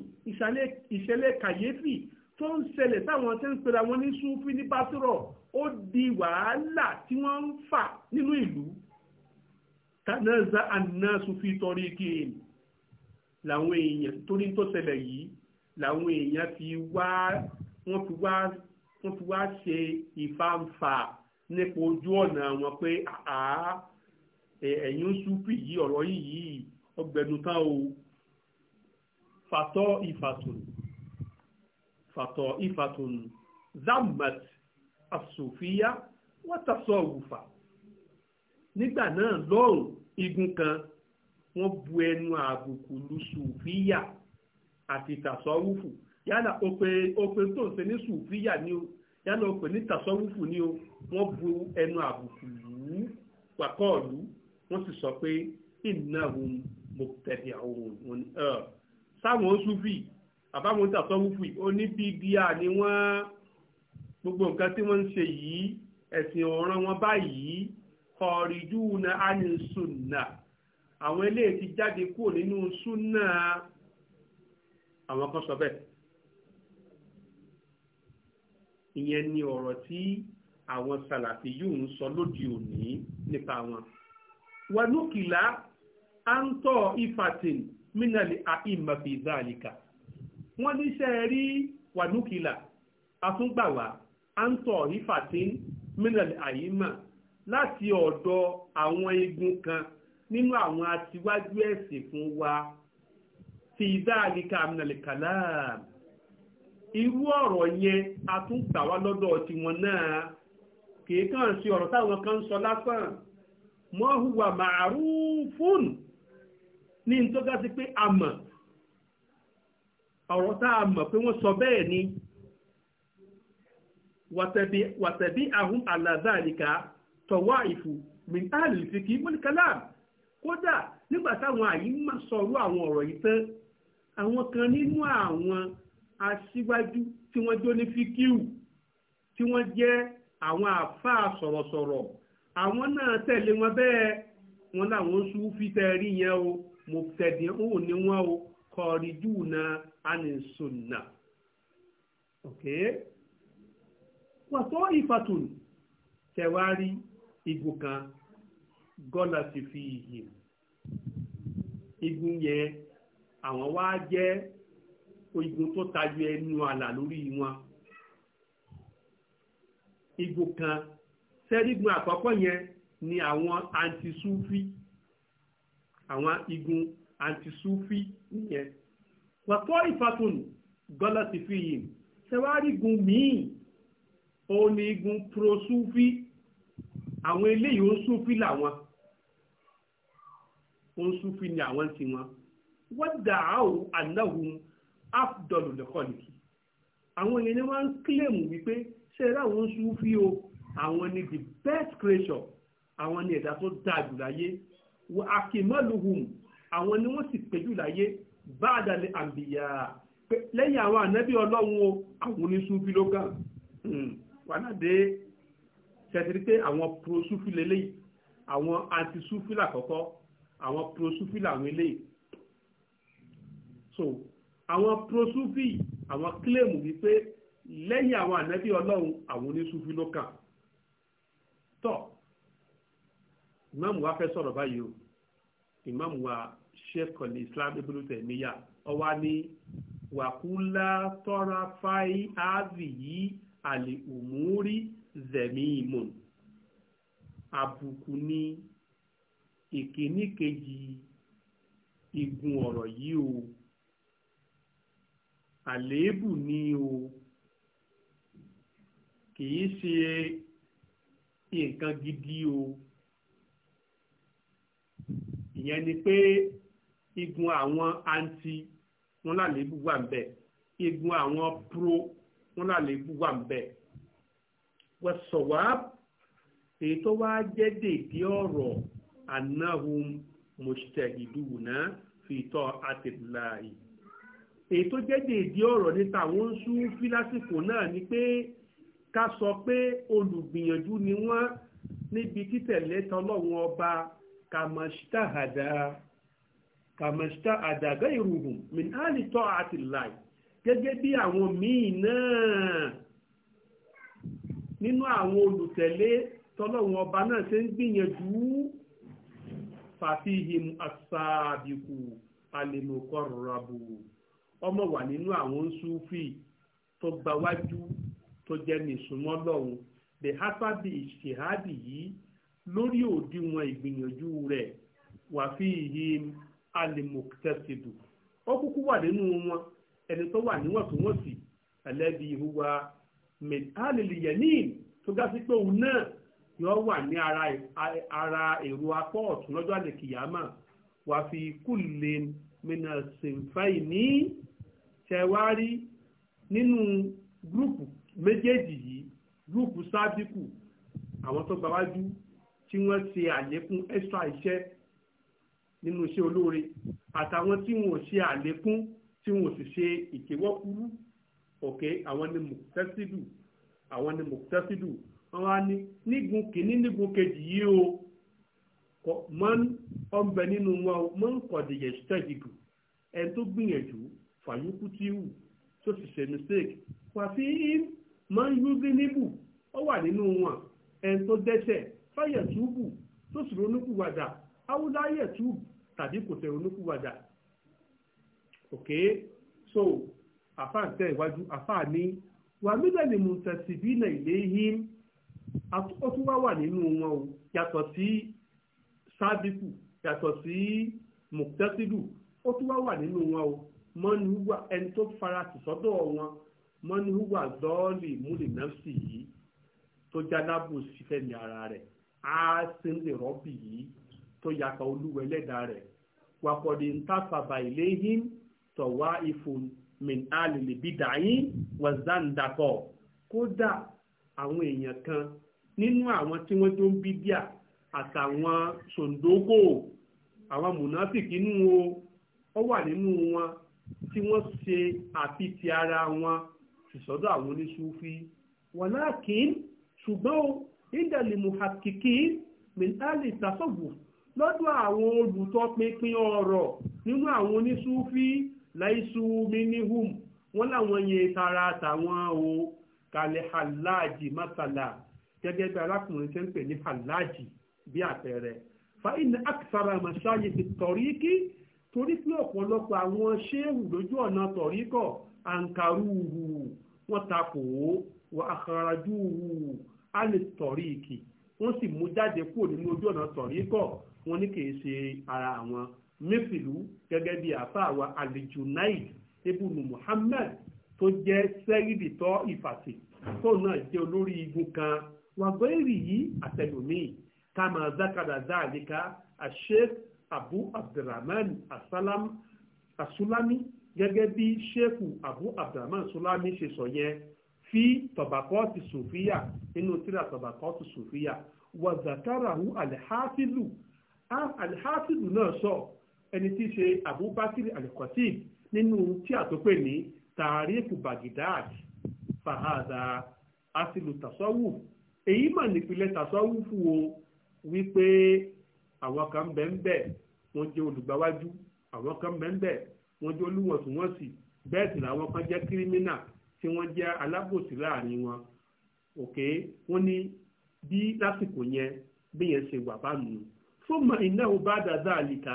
ìṣẹ̀lẹ̀ kàyéfì tó ń ṣẹlẹ̀ táwọn tí ń pera wọn ní súnfí ní bátúrọ̀ ó di wàhálà tí wọ́n ń fà nínú ìlú tanaza annasu fi tariqihim làwọn èèyàn torí tó ṣẹlẹ̀ yìí làwọn èèyàn fi wá wọ́n fi wá wọ́n fi wá ṣe ìfàǹfà nípa ojú ọ̀nà wọn pé àá ẹ̀yìn súpì yìí ọ̀rọ̀ yìí ọgbẹ̀nu tán o fàtọ́ ìfàtùn fàtọ́ ìfàtùn zamat asòfíà wọ́n tasọ̀ wùfà nígbà náà lọ́hùn igun kan wọ́n bu ẹnu àbùkù lu sùfíyà àti tàsọ́wùfù yálà ó pé tó ń ṣe ní sùfíyà ni o yálà ó pé ní tàsọ́wùfù ni o wọ́n bu ẹnu àbùkù lù ú wàkọ́ọ̀lù wọ́n sì sọ pé ìnáhùn mọ̀tẹ́dì àwọn òun sáwọn oṣùfì àbáwọn tàsọ́wùfì oníbíbíà ni wọ́n gbogbo nǹkan tí wọ́n ń ṣe yìí ẹ̀sìn ọ̀ràn wọn báyìí kọ̀ọ̀rìjúùnà ánìsùnà àwọn eléyìí ti jáde kúrò nínú súnà àwọn kan sọ bẹ́ẹ̀ ìyẹn ni ọ̀rọ̀ tí àwọn sàlàfí yóò ń sọ lóde òní nípa wọn wọnúkìlá à ń tọ́ ìfàtìn mínàlì àìmọ̀fì ìzáàlìkà wọ́n rí wọnúkìlá àtúngbàwá à ń tọ́ ìfàtìn mínàlì láti ọ̀dọ̀ àwọn igun kan nínú àwọn aṣíwájú ẹ̀sìn fún wa fi dáàlíkà àmìnàlìkàlá irú ọ̀rọ̀ yẹn a tún gbà wá lọ́dọ̀ tiwọn náà kìí kàn sí ọ̀rọ̀ táwọn kan ń sọ lásán mọ́hùwà màárùfún ní tó ga sí pé a ọ̀rọ̀ tá mọ̀ pé wọ́n sọ bẹ́ẹ̀ ni wàtẹ̀bí àhún àlàzáàlìkà tọ̀wá ìfù mìtálì ìfikì mọ́nìkálàm kódà nígbà táwọn àyímà sọ̀rọ̀ àwọn ọ̀rọ̀ yìí tán àwọn kan nínú àwọn aṣíwájú tí wọ́n jó ní fíkíù tí wọ́n jẹ́ àwọn àfáà sọ̀rọ̀sọ̀rọ̀ àwọn náà tẹ̀lé wọn bẹ́ẹ̀ wọn làwọn sùúfì tẹ́ rí yẹn o mo tẹ̀dí ó ní wọn o kọ̀ọ̀rì jù náà á ní sùnà. wàtọ́ ìfàtùn tẹ̀wá igun kan gọ́là ti fi ìhì igun yẹn àwọn wá jẹ́ igun tó tayọ ẹnu àlà lórí wọn igun kan sẹ́rígun àkọ́kọ́ yẹn ni àwọn antisufi àwọn igun antisufi nìyẹn wàtọ́ ìfàtún gọ́là ti fi ìhì sẹ́wárí igun míì òun ni igun prosufi àwọn eléyìí ó ń súnfí làwọn ó ń súnfí ni àwọn ti wọn wọ́n dà á ò ànáhùn áfùdọ̀lù lẹ́kọ̀ọ́lìkì àwọn yẹn ni wọ́n ń kílèmù wípé ṣé ẹ láwọn ń súnfí o àwọn ni the best creation àwọn ni ẹ̀dá tó dáa jù láyé àkèmọ́lùhùn àwọn ni wọ́n sì pé jù láyé bá àdàlẹ̀ àǹbìyà lẹ́yìn àwọn ànábì ọlọ́run o àwọn oníṣúfí ló kàn hmm. wà náà dé tẹ̀sírí pé àwọn prosufi lélẹ́yìí àwọn antisufi làkọ́kọ́ àwọn prosufi làwọn eléyìí so àwọn prosufi àwọn kílèmù wípé lẹ́yìn àwọn ànábì ọlọ́run àwọn onísufi ló kàn tọ́ ìmáàmù wa fẹ́ sọ̀rọ̀ báyìí o ìmáàmù wa ṣẹ́kọ̀lì islam ibùdó tẹ̀míyà ọwá ní wàkúlá tọ́ra fáì áàbì yìí àlè òmùúrí zemimun àbùkù ni ìkíní kejì igun ọ̀rọ̀ yìí o àléébù ni o kìí ṣe nǹkan gidi o ìyẹn ni pé igun àwọn anti wọn làléébù wà ń bẹ igun àwọn pro wọn làléébù wà ń bẹ wasawab èyí tó wá jẹ́ dèdè ọ̀rọ̀ anahum mujtahiduna fi ta'atillahi èyí tó jẹ́ dèdè ọ̀rọ̀ níta wọ́n ń sún fí lásìkò náà ni pé ká sọ pé olùgbìyànjú ni wọ́n níbi títẹ̀lé tọlọ́wọ́n ọba kàmọ́ṣítàhàdà kàmọ́ṣítàhàdà gairuhum min ali ta'atillahi gẹ́gẹ́ bí àwọn míì náà nínú àwọn olùtẹ̀lé tọ́lọ́run ọba náà ṣe ń gbìyànjú fàfihìm asáàbìkù alìmọ̀kọ́rọ̀rọ̀bù ọmọ wà nínú àwọn Súfì tó gbawájú tó jẹ́ nìsúnmọ́ lọ́hùn the hasabi ìṣèhádì yìí lórí òdiwọ̀n ìgbìyànjú rẹ̀ wà fihìm alìmọ̀kẹ́sìdù ó kúkú wà nínú wọn ẹni tó wà níwọ̀ntúnwọ̀nsì ẹlẹ́bi ìhùwà mẹ́tàlélì yẹ̀nìn tó ga sí pé òun náà yóò wà ní ara èrò apá ọ̀tún lọ́jọ́ àlèkìyàmà wà fi kúlè mẹ́nà sèǹfàì ní tẹ̀wárí nínú gúrùpù méjèèjì yìí gúrùpù sábíkù àwọn tó gbáwájú tí wọ́n ṣe àlékún extra iṣẹ́ nínú iṣẹ́ olóore àtàwọn tí wọn ò ṣe àlékún tí wọn sì ṣe ìkéwọ́kúrú ok àwọn ni mùtẹ́sídù àwọn ni mùtẹ́sídù wọ́n wá ní nígun kìíní nígun kejì yìí o mọ́n ọ̀nbẹ nínú wọn mọ́n kọ̀dìyẹ ṣẹ́jìgù ẹni tó gbìyànjú fàyókù tí wù tó sì ṣe mistake wàfi mọ́n yúzí níbù ó wà nínú wọn ẹni tó dẹ́ṣẹ̀ fáyẹ̀ túbù tó sì ronúkúwàdà awúláyẹ̀ túbù tàbí kò tẹ̀ ronúkúwàdà ok so afa ń iwaju afa àfáà ní mílíọ̀nù mùtẹ̀sìbí na ilé yìí ó tún wà nínú wọn o yàtọ̀ sí sábìkù yàtọ̀ sí mùtẹ́sìbù ó tún wá wà nínú wọn o mọ́ni húwà ẹni tó fara sọ́dọ̀ wọn mọ́ni húwà yìí tó sífẹ́ ní ara rẹ̀ á sì ń min alìlì bídàáyín wazandakọ kódà àwọn èèyàn kan nínú àwọn tí wọ́n tó ń bídíà àtàwọn sòǹdókò àwọn mùnáfìkì nínú ó wà nínú wọn tí wọ́n ṣe àfitì ara wọn ìsọ́dọ̀ àwọn oníṣúfí walakin ṣùgbọ́n o ìdàlì muhakiki mìtálì tasọ́gbù lọ́dọ̀ àwọn olùtọ́pinpin ọ̀rọ̀ nínú àwọn oníṣúfí láìsú mínihùm wọ́n làwọn yẹn tara tàwọn o kalẹ̀ halaji masala gẹ́gẹ́ bí arákùnrin tẹ́ ń pè ní halaji bí àpẹẹrẹ fàyín akitara masáyé ti tọ̀rí kí torí pé ọ̀pọ̀lọpọ̀ àwọn ṣéèwù lójú ọ̀nà tọ̀rí kọ̀ àǹkàrúhù wọ́n takò ó wà àkàràjúhù á lè kì wọ́n sì mú jáde kúrò nínú ojú ọ̀nà tọ̀rí kọ̀ wọ́n ní kì ṣe ara àwọn mísìlú gẹ́gẹ́ bí àfáàwà alijunaid ibùnú muhammed tó jẹ́ sẹ́yìdì tọ́ ìfàsì tó náà jẹ́ olórí igun kan wàgbọ́ èrì yìí àtẹnumíì kama zakada zaalika asheikh abu abdulrahman asalam asulami gẹ́gẹ́ bí sheikh abu abdulrahman asulami ṣe sọ yẹn fi tọ̀bàkọ́ọ̀tì sùfíà nínú tíra tọ̀bàkọ́ọ̀tì sùfíà wàzàkàràhù alhàfíìlù náà sọ ẹni tí í ṣe abubakar alikọsib nínú tí àtọ́pẹ́ ní tàríkù baghdad fahadà asilu tasawuf èyí mà nípìnlẹ̀ tasawuf wo wípé àwọn kan bẹ́ẹ̀ bẹ́ẹ̀ wọ́n jẹ́ olùgbàwájú àwọn kan bẹ́ẹ̀ bẹ́ẹ̀ wọ́n jẹ́ olúwọ̀ntúnwọ̀nsì bẹ́ẹ̀ sì làwọn kan jẹ́ kírímínà tí wọ́n jẹ́ alábòsí láàrin wọn òkè wọ́n ní bí lásìkò yẹn bí yẹn ṣe wà bá nù. fún mọ iná ò bá dàda àlìkà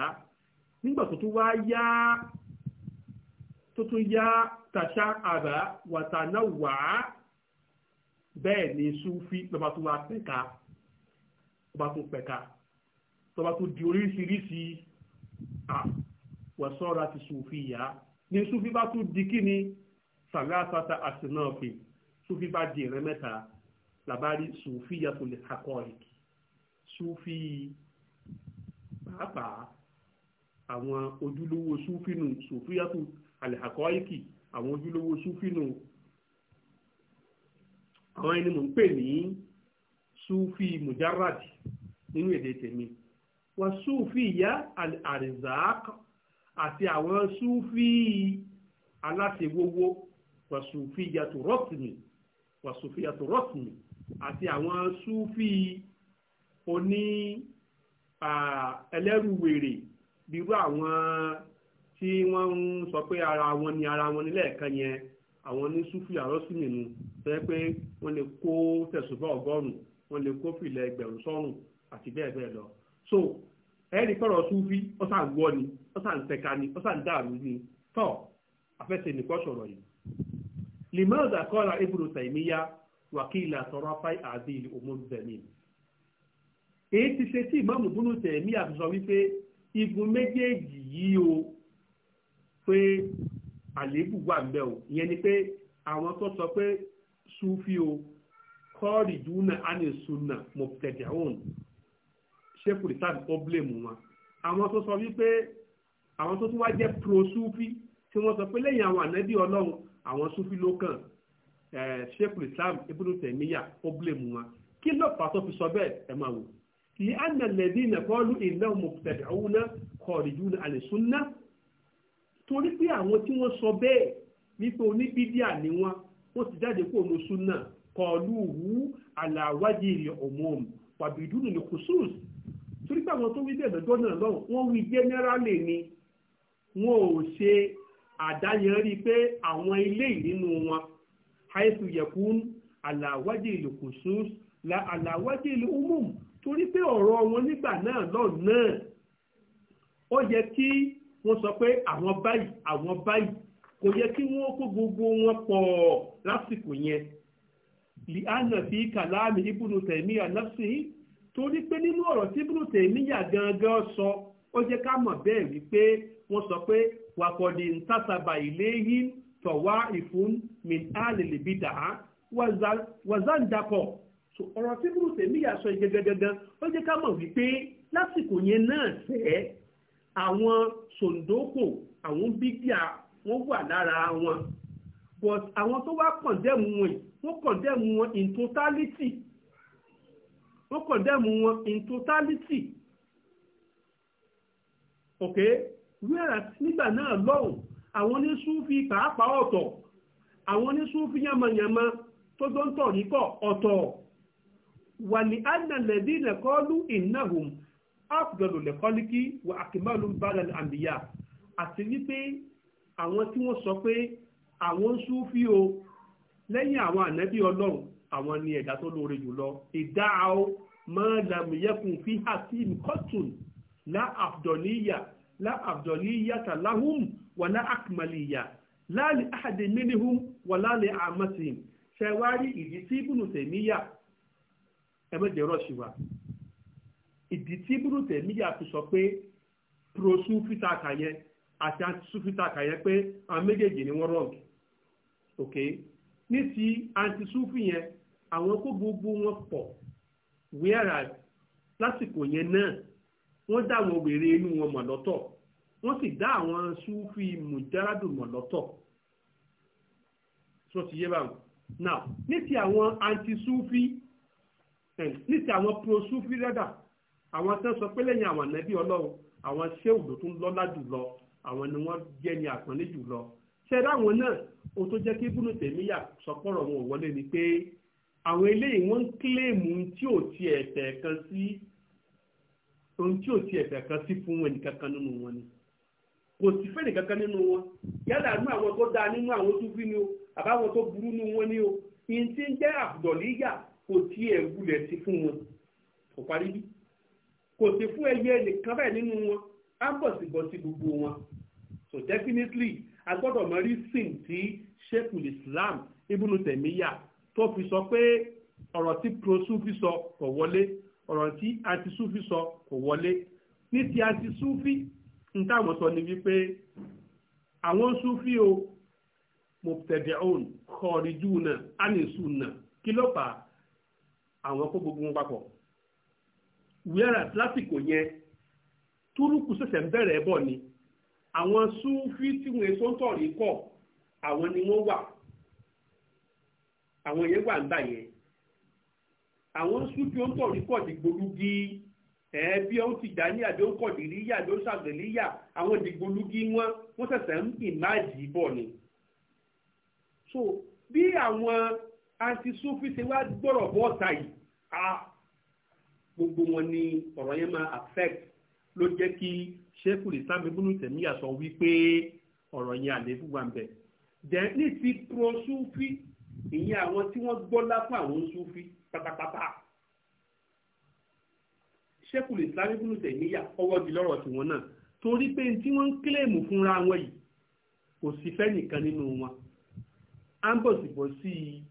nígbà tó tún wá yá tó tún yá tàṣà àbá wàtánà wà á bẹ́ẹ̀ ni súnfí lọ́ba tó wá pẹ̀ka lọ́ba tó pẹ̀ka lọ́ba tó di oríṣiríṣi àwọ̀sọ́ra ti súnfí yá ni sufi bá tún di kí ni sàlásàtà àsìnáàfì súnfí bá di ìrẹ́ mẹ́ta làbárí súnfí yàtọ̀ lè hakọ́ ìkì súnfí pàápàá àwọn ojúlówó sùfínù sùfíyàtù àlẹ́hàkọ́ìkì àwọn ojúlówó sùfínù àwọn ẹni mò ń pè ní Sufi mujarrad nínú èdè tèmi wà sùfí ìyá àrìzák àti àwọn sùfí aláṣewówó wà sùfí yàtò rọ́tìmì wà sùfí yàtò rọ́tìmì àti àwọn sùfí oní ẹlẹ́rù wèrè bírú àwọn tí wọ́n ń sọ pé ara wọn ni ara wọn nílẹ̀ kan yẹn àwọn ní súfì àrọ́sì nínú tẹ́ pé wọ́n lè kó tẹ̀sùbọ̀ ọgọ́rùn wọ́n lè kó fìlẹ̀ ẹgbẹ̀rún sọ́rùn àti bẹ́ẹ̀ bẹ́ẹ̀ lọ so ẹ̀rí pọ̀rọ̀ súfì ọ̀sà ń wọ́ ni ọ̀sà ń tẹ̀ka ni ọ̀sà ń dàrú ni tọ́ afẹ́sẹ̀ nìkan sọ̀rọ̀ yìí limaz akọ́ra ibùdó tẹ̀míyá wàkìlà tọrọ fáì àdìl òmùbẹ̀mí èyí ti ṣe tí ìmọ̀mù igun méjèèjì yìí o pé àléébù wà ń bẹ o ìyẹn ni pé àwọn tó sọ pé sufi o kọ́ọ̀rì dúnà ánì sunna mọ̀tẹ̀dẹ̀hún ṣéèkù rìsáàbì ó blèmù wọn àwọn tó sọ wípé àwọn tó tún wá jẹ́ pro sufi tí wọ́n sọ pé lẹ́yìn àwọn ànábì ọlọ́run àwọn sufi ló kàn ṣéèkù rìsáàbì ibùdó tẹ̀míyà ó wọn kí ló fà fi sọ bẹ́ẹ̀ ẹ máa wò. لأن الذين قالوا إنهم مبتدعون خارجون عن السنة torí pé àwọn tí wọ́n sọ bẹ́ẹ̀ wípé oníbídíà ni wọ́n wọ́n ti jáde kó nu súnà kọlu hu aláwádìí ilẹ̀ ọ̀mọ́ọ̀mù pàbídúnù ní kùsùs torí pé àwọn tó wí bẹ́ẹ̀ lọ́jọ́ náà lọ́wọ́ wọ́n wí jẹ́nẹ́rálì ni wọn ò ṣe àdáyanrí pé àwọn ilé ìrìnnú wọn haifu yẹkun aláwádìí ilẹ̀ kùsùs la aláwádìí ilẹ̀ ọmọ́ọ̀mù torí pé ọ̀rọ̀ wọn nígbà náà lọ́ọ̀ náà ó yẹ kí wọ́n sọ pé àwọn báyìí àwọn báyìí kò yẹ kí wọ́n kó gbogbo wọn pọ̀ lásìkò yẹn li anna fi kàlámì ibùdó tẹ̀mí ànáfsì torí pé nínú ọ̀rọ̀ tí ibùdó tẹ̀mí yà gangan sọ ó jẹ́ ká mọ̀ bẹ́ẹ̀ wípé wọ́n sọ pé wàkọ̀dì ń tàṣàbà ilayhim tọ̀wá ìfún min alìlì bìdà wàzàǹdàpọ̀ so ọ̀rọ̀ tí bùrù tèmi yà sọ gẹ́gẹ́gẹ́gẹ́ ó jẹ́ ká mọ̀ wípé lásìkò yẹn náà sẹ́ àwọn sòǹdókò àwọn bídíà wọ́n wà lára wọn but àwọn tó wá kọ̀ndẹ́mù wọn wọ́n kọ̀ndẹ́mù wọn in totality wọ́n kọ̀ndẹ́mù wọn in totality ok whereas nígbà náà lọ́hùn àwọn ní súnfì pàápàá ọ̀tọ̀ àwọn ní súnfì yànmọ̀yànmọ̀ tó tó ń tọ̀ níkọ̀ ọ̀tọ̀ wàlí ànàlẹ́dí lẹ́kọ́lù ìnáhùn áfùdọ̀lù lẹ́kọ́líkì wà àkìmọ́lù bàdàn àmìyá àti wípé àwọn tí wọ́n sọ pé àwọn ń súfí o lẹ́yìn àwọn ànábì ọlọ́run àwọn ni ẹ̀dá tó lóore jùlọ ìdá o máa làmìyẹ́kùn fi hasim cotton la àfùdọ̀níyà la àfùdọ̀níyà tàláhùn wà lá àkìmọ́lìyà láàlì àhàdè mínihùn wà láàlì àmọ́sìn ṣẹ̀wárí ìdí sí ibùnú tèmíyà ẹ mẹ́jẹ̀ rọ́ọ̀ṣì wa ìdí tí búrúkẹ̀ níyà fi sọ pé prosúfítà kàyẹ àti antisúfítà kàyẹ pé àwọn méjèèjì ni wọ́n rọ̀ǹkì ok ní ti antisúfì yẹn àwọn kó gbogbo wọn pọ̀ whereas lásìkò yẹn náà wọ́n dá àwọn wèrè inú wọn mọ̀ lọ́tọ̀ wọ́n sì dá àwọn súfì mùjáràdù mọ̀ lọ́tọ̀ sọ ti yé báwọn now ní ti àwọn antisúfì ní ti àwọn prosufi rẹ́dà àwọn tó ń sọ pé lẹ́yìn àwọn ànábì ọlọ́run àwọn sẹ́wù ló tún lọ́lá jùlọ àwọn ni wọ́n jẹ́ ní àpọ́nlé jùlọ ṣẹ́ẹ́dá àwọn náà o tó jẹ́ kí búnú tèmíyà sọpọ́rọ̀ wọn ò wọlé ni pé àwọn eléyìí wọ́n ń kílèmù tí ò ti ẹ̀fẹ̀ kan sí ohun tí ò ti ẹ̀fẹ̀ kan sí fún ẹnìkan kan nínú wọn ni kò sí fẹ́ẹ̀nì kankan nínú wọn yálà nínú àwọn tó dáa nínú àwọn tó fi ni o àbáwọn tó burú nínú wọn ni o ìyẹn ti ń jẹ́ àbùdọ̀líyà kò tí ẹ̀ wulẹ̀ sí fún wọn kò parí bí kò sí fún ẹyẹ nìkan báyìí nínú wọn á bọ̀ sí bọ̀ sí gbogbo wọn so definitely a gbọ́dọ̀ mọ reason tí sheikul islam ibùnú tẹ̀míyà tó fi sọ pé ọ̀rọ̀ tí prosufi sọ kò wọlé ọ̀rọ̀ tí antisufi sọ kò wọlé ní ti antisufi n táwọn sọ ni wípé àwọn sufi o mubtadi'un kharijuna ani sunna kí ló fà á àwọn kó gbogbo wọn papọ̀ wíwẹ́rà lásìkò yẹn túrúkù ṣẹ̀ṣẹ̀ ń bẹ̀rẹ̀ bọ̀ ni àwọn súnfí tí wọn tó ń tọ̀rí kọ̀ àwọn ni wọ́n wà àwọn yẹn wà ń bà yẹn àwọn súnfí ó ń tọ̀rí kọ̀ dìgbòlugi ẹ̀ẹ́bí ó ti dá ní àdó kọ̀dìríyà ló ṣàgbẹ̀líyà àwọn dìgbòlugi wọn wọ́n ṣẹ̀ṣẹ̀ ń ìmáàjì bọ̀ ni. so bí àwọn àti sufi ṣe wá gbọ́rọ̀ bọ́ọ̀tà yìí a gbogbo wọn ni ọ̀rọ̀ yẹn máa affect ló jẹ́ kí Sheikhul Islam Ibn Taymiyyah sọ wípé ọ̀rọ̀ yẹn àléébù wà ń bẹ̀. dẹ̀ ní ti pro sufi ìyẹn àwọn tí wọ́n gbọ́lá fún àwọn sufi pátápátá Sheikhul Islam Ibn Taymiyyah ọwọ́ di lọ́rọ̀ tiwọn náà torí pé tí wọ́n ń kílèmù fúnra wọn yìí kò sí fẹ́ nìkan nínú wọn. ambos bọ̀ sí i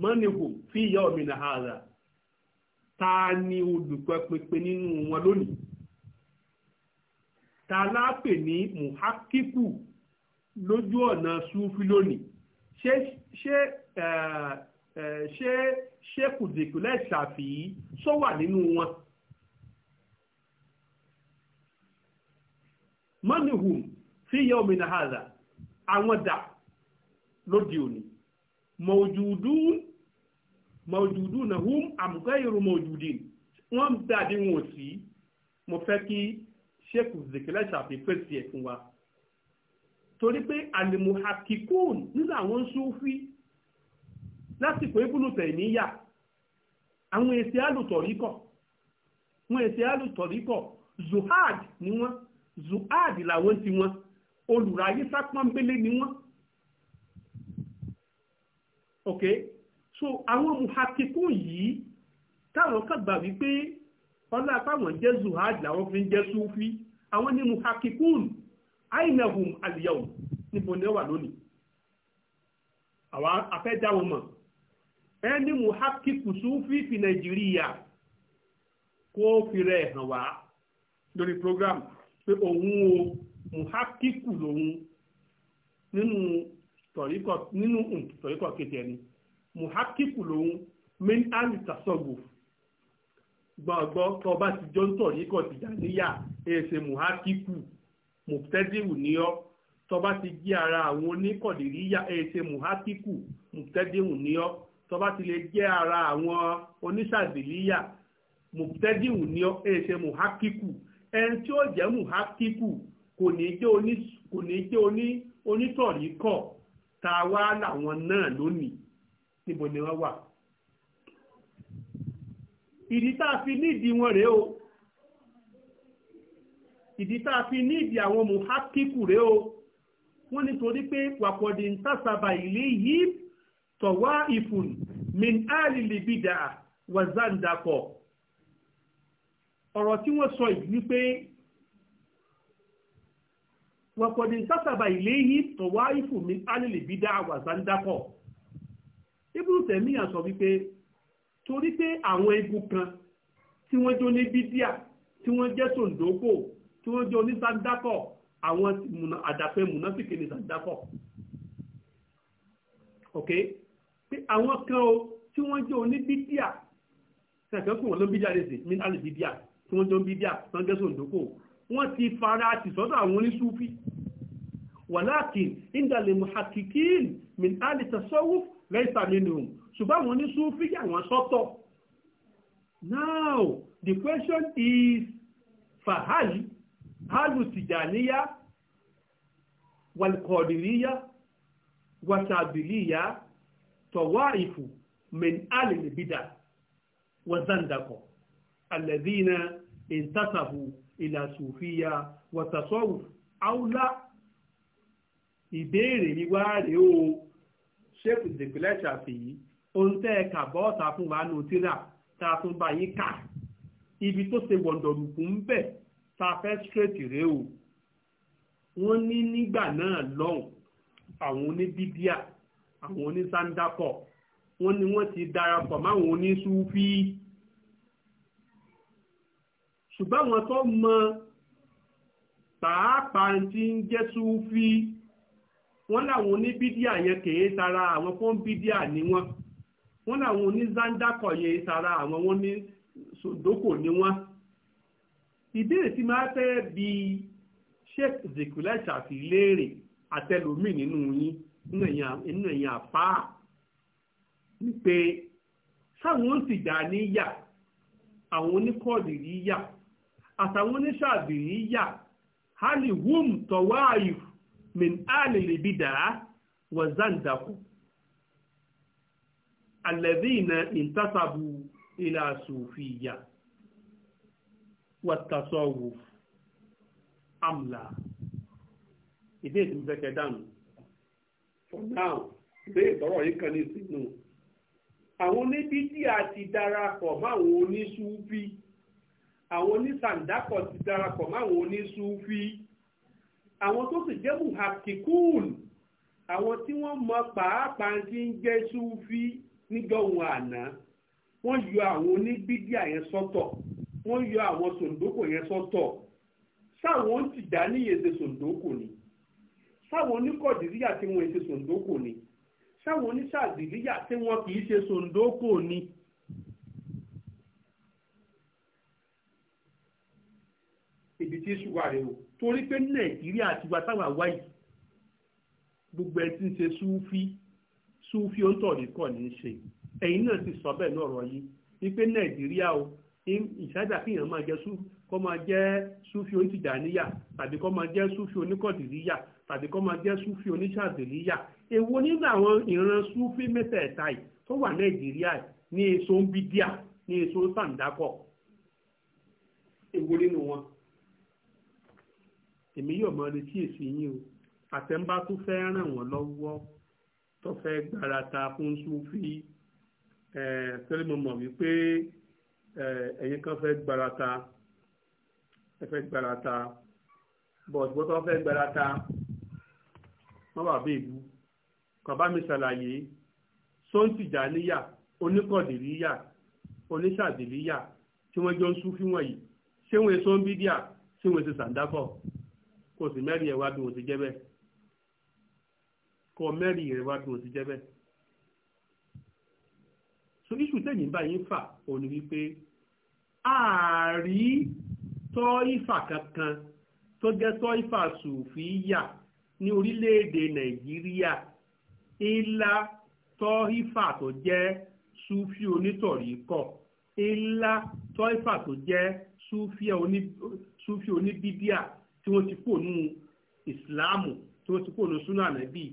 mọ́nìhùn fi ìyá ọ̀mì nà hàrà ta ni olùkọ́ pínpín nínú wọn lónìí ta lápè ní muhakiku lójú ọ̀nà sufi lónìí ṣé ṣé ṣé ṣé kùdìkùlẹ̀ ṣàfihì sọ wà nínú wọn. mọ́nìhùn fi ìyá ọ̀mì nà àwọn dà lóde òní mọ̀jùdún mọ̀jùdún náà hum àmùkọ́ ìrù mọ̀jùdín wọ́n ń bẹ àdéhùn òsì mo fẹ́ kí sheikh zikilẹ̀ ṣàfihàn ẹ̀ fún wa torí pé àlèmọ̀ hakikun nínú àwọn sufi lásìkò ìbùnú tẹ̀míyà àwọn èsì alùtọ̀ríkọ̀ wọn èsì alùtọ̀ríkọ̀ zuhad ni wọn zuhad làwọn ti wọn olùráyé sápọ́nbélé ni wọn ok so àwọn muhakikun yìí táwọn kan gbà wípé ọlá táwọn jẹ́ zuhad làwọn fi ń jẹ́ sufi àwọn ni muhakikun ainahum aliyahum níbo ni ó wà lónìí àwọn afẹ́dá wọn mọ̀ ẹni muhakiku sufi fi nàìjíríà kó fi rẹ̀ hàn wá lórí program pé òun o muhakiku lòun nínú tọ̀ríkọ̀ nínú mm, tọ̀ríkọ̀ kejì ẹni muhakiku lòun min ali tasọ́gbò gbọ̀ngbọ́ tó bá ti jọ ń tọ̀ríkọ̀ tìjàníyà èsè muhakiku mùtẹ́dìrù ní ọ́ tó bá ti jí ara àwọn oníkọ̀dìríyà èsè muhakiku mùtẹ́dìrù ní ọ́ tó bá ti lè jẹ́ ara àwọn oníṣàdìlíyà mùtẹ́dìrù ní ọ́ èsè muhakiku ẹni tí ó jẹ́ muhakiku kò ní jẹ́ onítọ̀ríkọ̀ ta wá làwọn náà lónìí níbo ni wọ́n wà ìdí a fi nídìí wọn rèé o ìdí a fi nídìí àwọn muhakiku rèé o wọ́n nítorí pé wàkọ̀dì ń tàṣàbà ilé yìí tọ̀wá ìfùn min alìlìbìdà wàzàǹdàkọ̀ ọ̀rọ̀ tí wọ́n sọ yìí wípé wọ̀pọ̀dé sásábà ìléyí tọ̀wá ìfù mi alìlè bí dá àwàsá ń dákọ̀. ibùdó tẹ̀míyà sọ wípé torí pé àwọn igun kan tí wọ́n jó ní bídíà tí wọ́n jẹ́ sòǹdókò tí wọ́n jẹ́ onísàndákọ̀ àwọn àdàpẹ́ múnásìkè ní sàndákọ̀. ok pé àwọn kan o tí wọ́n jẹ́ oníbídíà sẹ̀kẹ́ kò wọ́n ló bídíà lè sè mí alìbídíà tí wọ́n jẹ́ oníbídíà tí wọ́n sòǹdókò wọ́n ti fara ti sọ́dọ̀ àwọn oníṣúfí walakin indale muhakikin min ali tasawuf laysa minhum ṣùgbọ́n àwọn oníṣúfí àwọn sọ́tọ̀ now the question is fahal halu tijaniya walqadiriya wasabiliya tawaifu min ali libida wazandako alladhina intasabu ìlà sùfíà wọ̀tàsọ́wù áúlá ìbéèrè mi wá rèé o ṣéèkù ìdìpínlẹ̀ ṣàfihì ohun tẹ́ ẹ kà bọ́ọ̀tà fún wa nù tíra tá a tún bá yín kà ibi tó ṣe wọ̀ndọ̀lùkù ń bẹ̀ tá a fẹ́ ṣírètì rèé o wọ́n ní nígbà náà lọ́hùn àwọn oníbídíà àwọn onísáńdákọ̀ wọ́n ní wọ́n ti darapọ̀ máwọn oníṣúfí ṣùgbọ́n àwọn tó mọ pàápàá tí ń jẹ́ súfí wọ́n láwọn oníbídíà yẹn kèé tara àwọn fún bídíà ni wọ́n wọ́n láwọn onízáńdákọ̀ yẹn tara àwọn wọ́n ní sòdókò ni wọ́n ìbéèrè tí máa fẹ́ bi Sheikh zikula Shafi léèrè àtẹlómi nínú yín nínú ẹ̀yìn àpá ni pé sáwọn ń sì dà níyà àwọn oníkọ̀ọ̀lì yíyà àtàwọn oníṣàbí yà hali wum tọwáàyù min alìlì bìdà wà zandakù alẹ́dínà ìntàtàbù ilà sùfìyà wà tàṣọwù amla ìdí ètò ìfẹ́kẹ̀ dànù for now ṣé ìtọ́rọ̀ yìí kan ní ìsinú àwọn oníbídìí àti darapọ̀ máwọn oníṣúfì àwọn onísàndákọ̀ ti darapọ̀ máwọn onísúfí àwọn tó sì jẹ́ buhakikun àwọn tí wọ́n mọ pàápàá ti ń jẹ́ súfí nígbọ̀hún àná wọ́n yọ àwọn oníbídíà yẹn sọ́tọ̀ wọ́n yọ àwọn sòǹdókò yẹn sọ́tọ̀ sáwọn tìjà ní èdè sòǹdókò ni sáwọn oníkọ̀dìríyà tí wọ́n èdè sòǹdókò ni sáwọn oníṣàdìríyà tí wọ́n kì í ṣe sòǹdókò ni. issue wà rẹ o torí pé nàìjíríà tiwa táwa wáyé gbogbo ẹ ti ń ṣe súfì súfì ó ń ní í ṣe ẹ̀yin náà ti sọ bẹ́ẹ̀ lọ́rọ̀ yìí wípé nàìjíríà o ìṣáájà kíyàn máa jẹ súfì kọ́ máa jẹ́ súfì onítìjàníyà tàbí kọ́ máa jẹ́ súfì oníkọ̀dìríyà tàbí kọ́ máa jẹ́ súfì oníṣàdìríyà èwo nínú àwọn ìran súfì mẹ́tẹ̀ẹ̀ta yìí tó wà nàìjíríà ní èso ń bídíà ní èso sàǹdákọ̀ èwo nínú wọn èmi yóò mọ retí èsì yín o àtẹ̀ǹbá tó fẹ́ ràn wọ́n lọ́wọ́ tó fẹ́ gbárata fún súfì torí mo mọ̀ wípé ẹ̀yin kan fẹ́ gbárata ẹ fẹ́ gbárata bọ̀t bó tó fẹ́ gbárata wọ́n wà bí ìbú kọ̀bá mi ṣàlàyé sóńtìjà níyà oníkọ̀dìríyà oníṣàdìríyà tí wọ́n jọ ń súfì wọ̀nyí ṣé wọ́n èso ń ṣé wọ́n èso sàǹdáfọ̀ kò sì mẹ́rin ẹ̀ wá bí wọ́n ti jẹ́ bẹ́ẹ̀ kò mẹ́rin ẹ̀ wá bí wọ́n bẹ́ẹ̀. so iṣu tẹ̀yìn báyìí ń fà òun ni wípé ààrí tọ́ ìfà kankan tó jẹ́ tọ́ ìfà sùfìyà ní orílẹ̀-èdè nàìjíríà ńlá tọ́ ìfà tó jẹ́ súfì onítọ̀rí kọ̀ ńlá tọ́ ìfà tó jẹ́ súfì oníbídíà tí wọ́n ti kó nù ìsìláàmù tí wọ́n ti kó nù súnà ànábì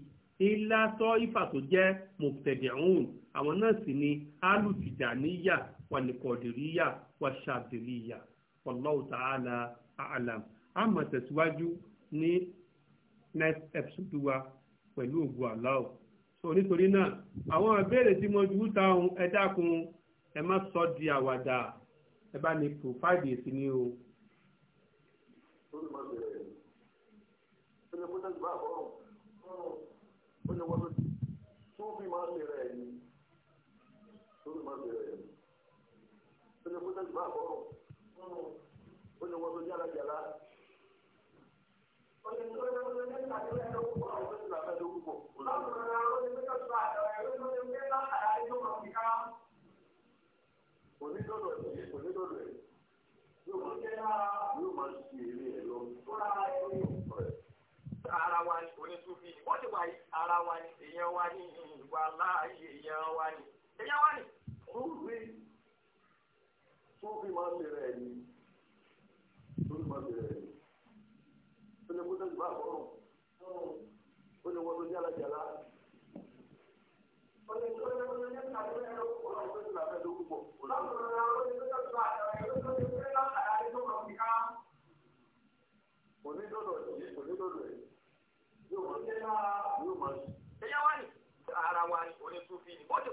ilá tọ́ ifá tó jẹ́ mọ̀tẹ̀dẹ̀hún àwọn náà sì ni alùtìjàníyà wàlìkọ̀dìríyà wàṣàbìríyà wallahu ta'ala a'lam a máa tẹ̀síwájú ní next episode wa pẹ̀lú ògùn aláwọ̀ so nítorí náà àwọn ìbéèrè tí mo ju ta ohun ẹ dákun ẹ má sọ di àwàdà ẹ bá ní provide èsì ní o lórí máa bẹ̀rẹ̀ rẹ̀ ó lè kó tẹ́sí bá àbọ̀rùn ó lè wọ́n lójú tó fi máa bẹ̀rẹ̀ rẹ̀ ni lórí máa bẹ̀rẹ̀ rẹ̀ ó lè kó tẹ́sí bá àbọ̀rùn ó lè wọ́n lójú alájàlá. Onídọ̀dọ̀ ẹ̀ onídọ̀dọ̀ ẹ̀ yóò máa ṣe eré ẹ lọ. ara wa ni onítúbí ni wọ́n ti wà yí ara wa ni èèyàn wa ni ìwà láàyè èèyàn wa ni èèyàn wa ni. ó rí sófin máa ń lè rẹ̀ ni sófin máa ń lè rẹ̀ ni ó lè kó sẹ́yìn bá àbọ̀rùn ó lè wọ́n tó jálajàla. ó lè tó lè tó lè ní ìgbà tó lè rẹ̀ ó lè tó lè fẹ́ lókùpọ̀. láti rẹ̀ ó lè tó lè tó àjọ. onídòdò yìí wa ni ara wa ni onítúfi ni bó ti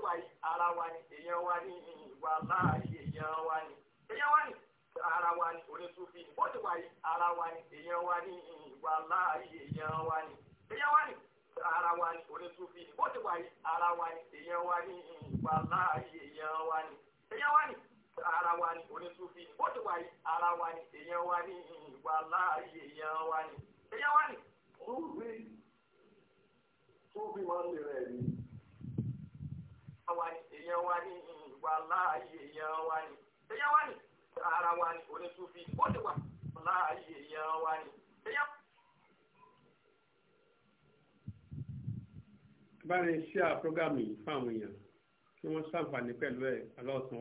ara wa ni èèyàn wa ni ìwà láàyè èèyàn wa ni ẹ̀yà wa ni ara wa ni onítúfi ni bó ti wà yìí ara wa ni èèyàn wa ni ìwà láàyè èèyàn wa ni ẹ̀yà wa ni ara wa ni onítúfi ni bó ti wà yìí ara wa ni èèyàn wa ni ìwà láàyè èèyàn wa ni ẹ̀yà wa ni ara wa ni onísúfì ó ti wà yìí ara wa ni èèyàn wa ni ìwà láàyè èèyàn wa ni èèyàn wa ni. Súfì Súfì máa ń lè rẹ̀ ni. Èèyàn wa ni ìwà láàyè èèyàn wa ni èèyàn wa ni ara wa ni onísúfì ó ti wà láàyè èèyàn wa ni èèyàn. bá ní ṣíà program fáwọn èèyàn kí wọ́n ṣàǹfààní pẹ̀lú ẹ̀ alọ́sàn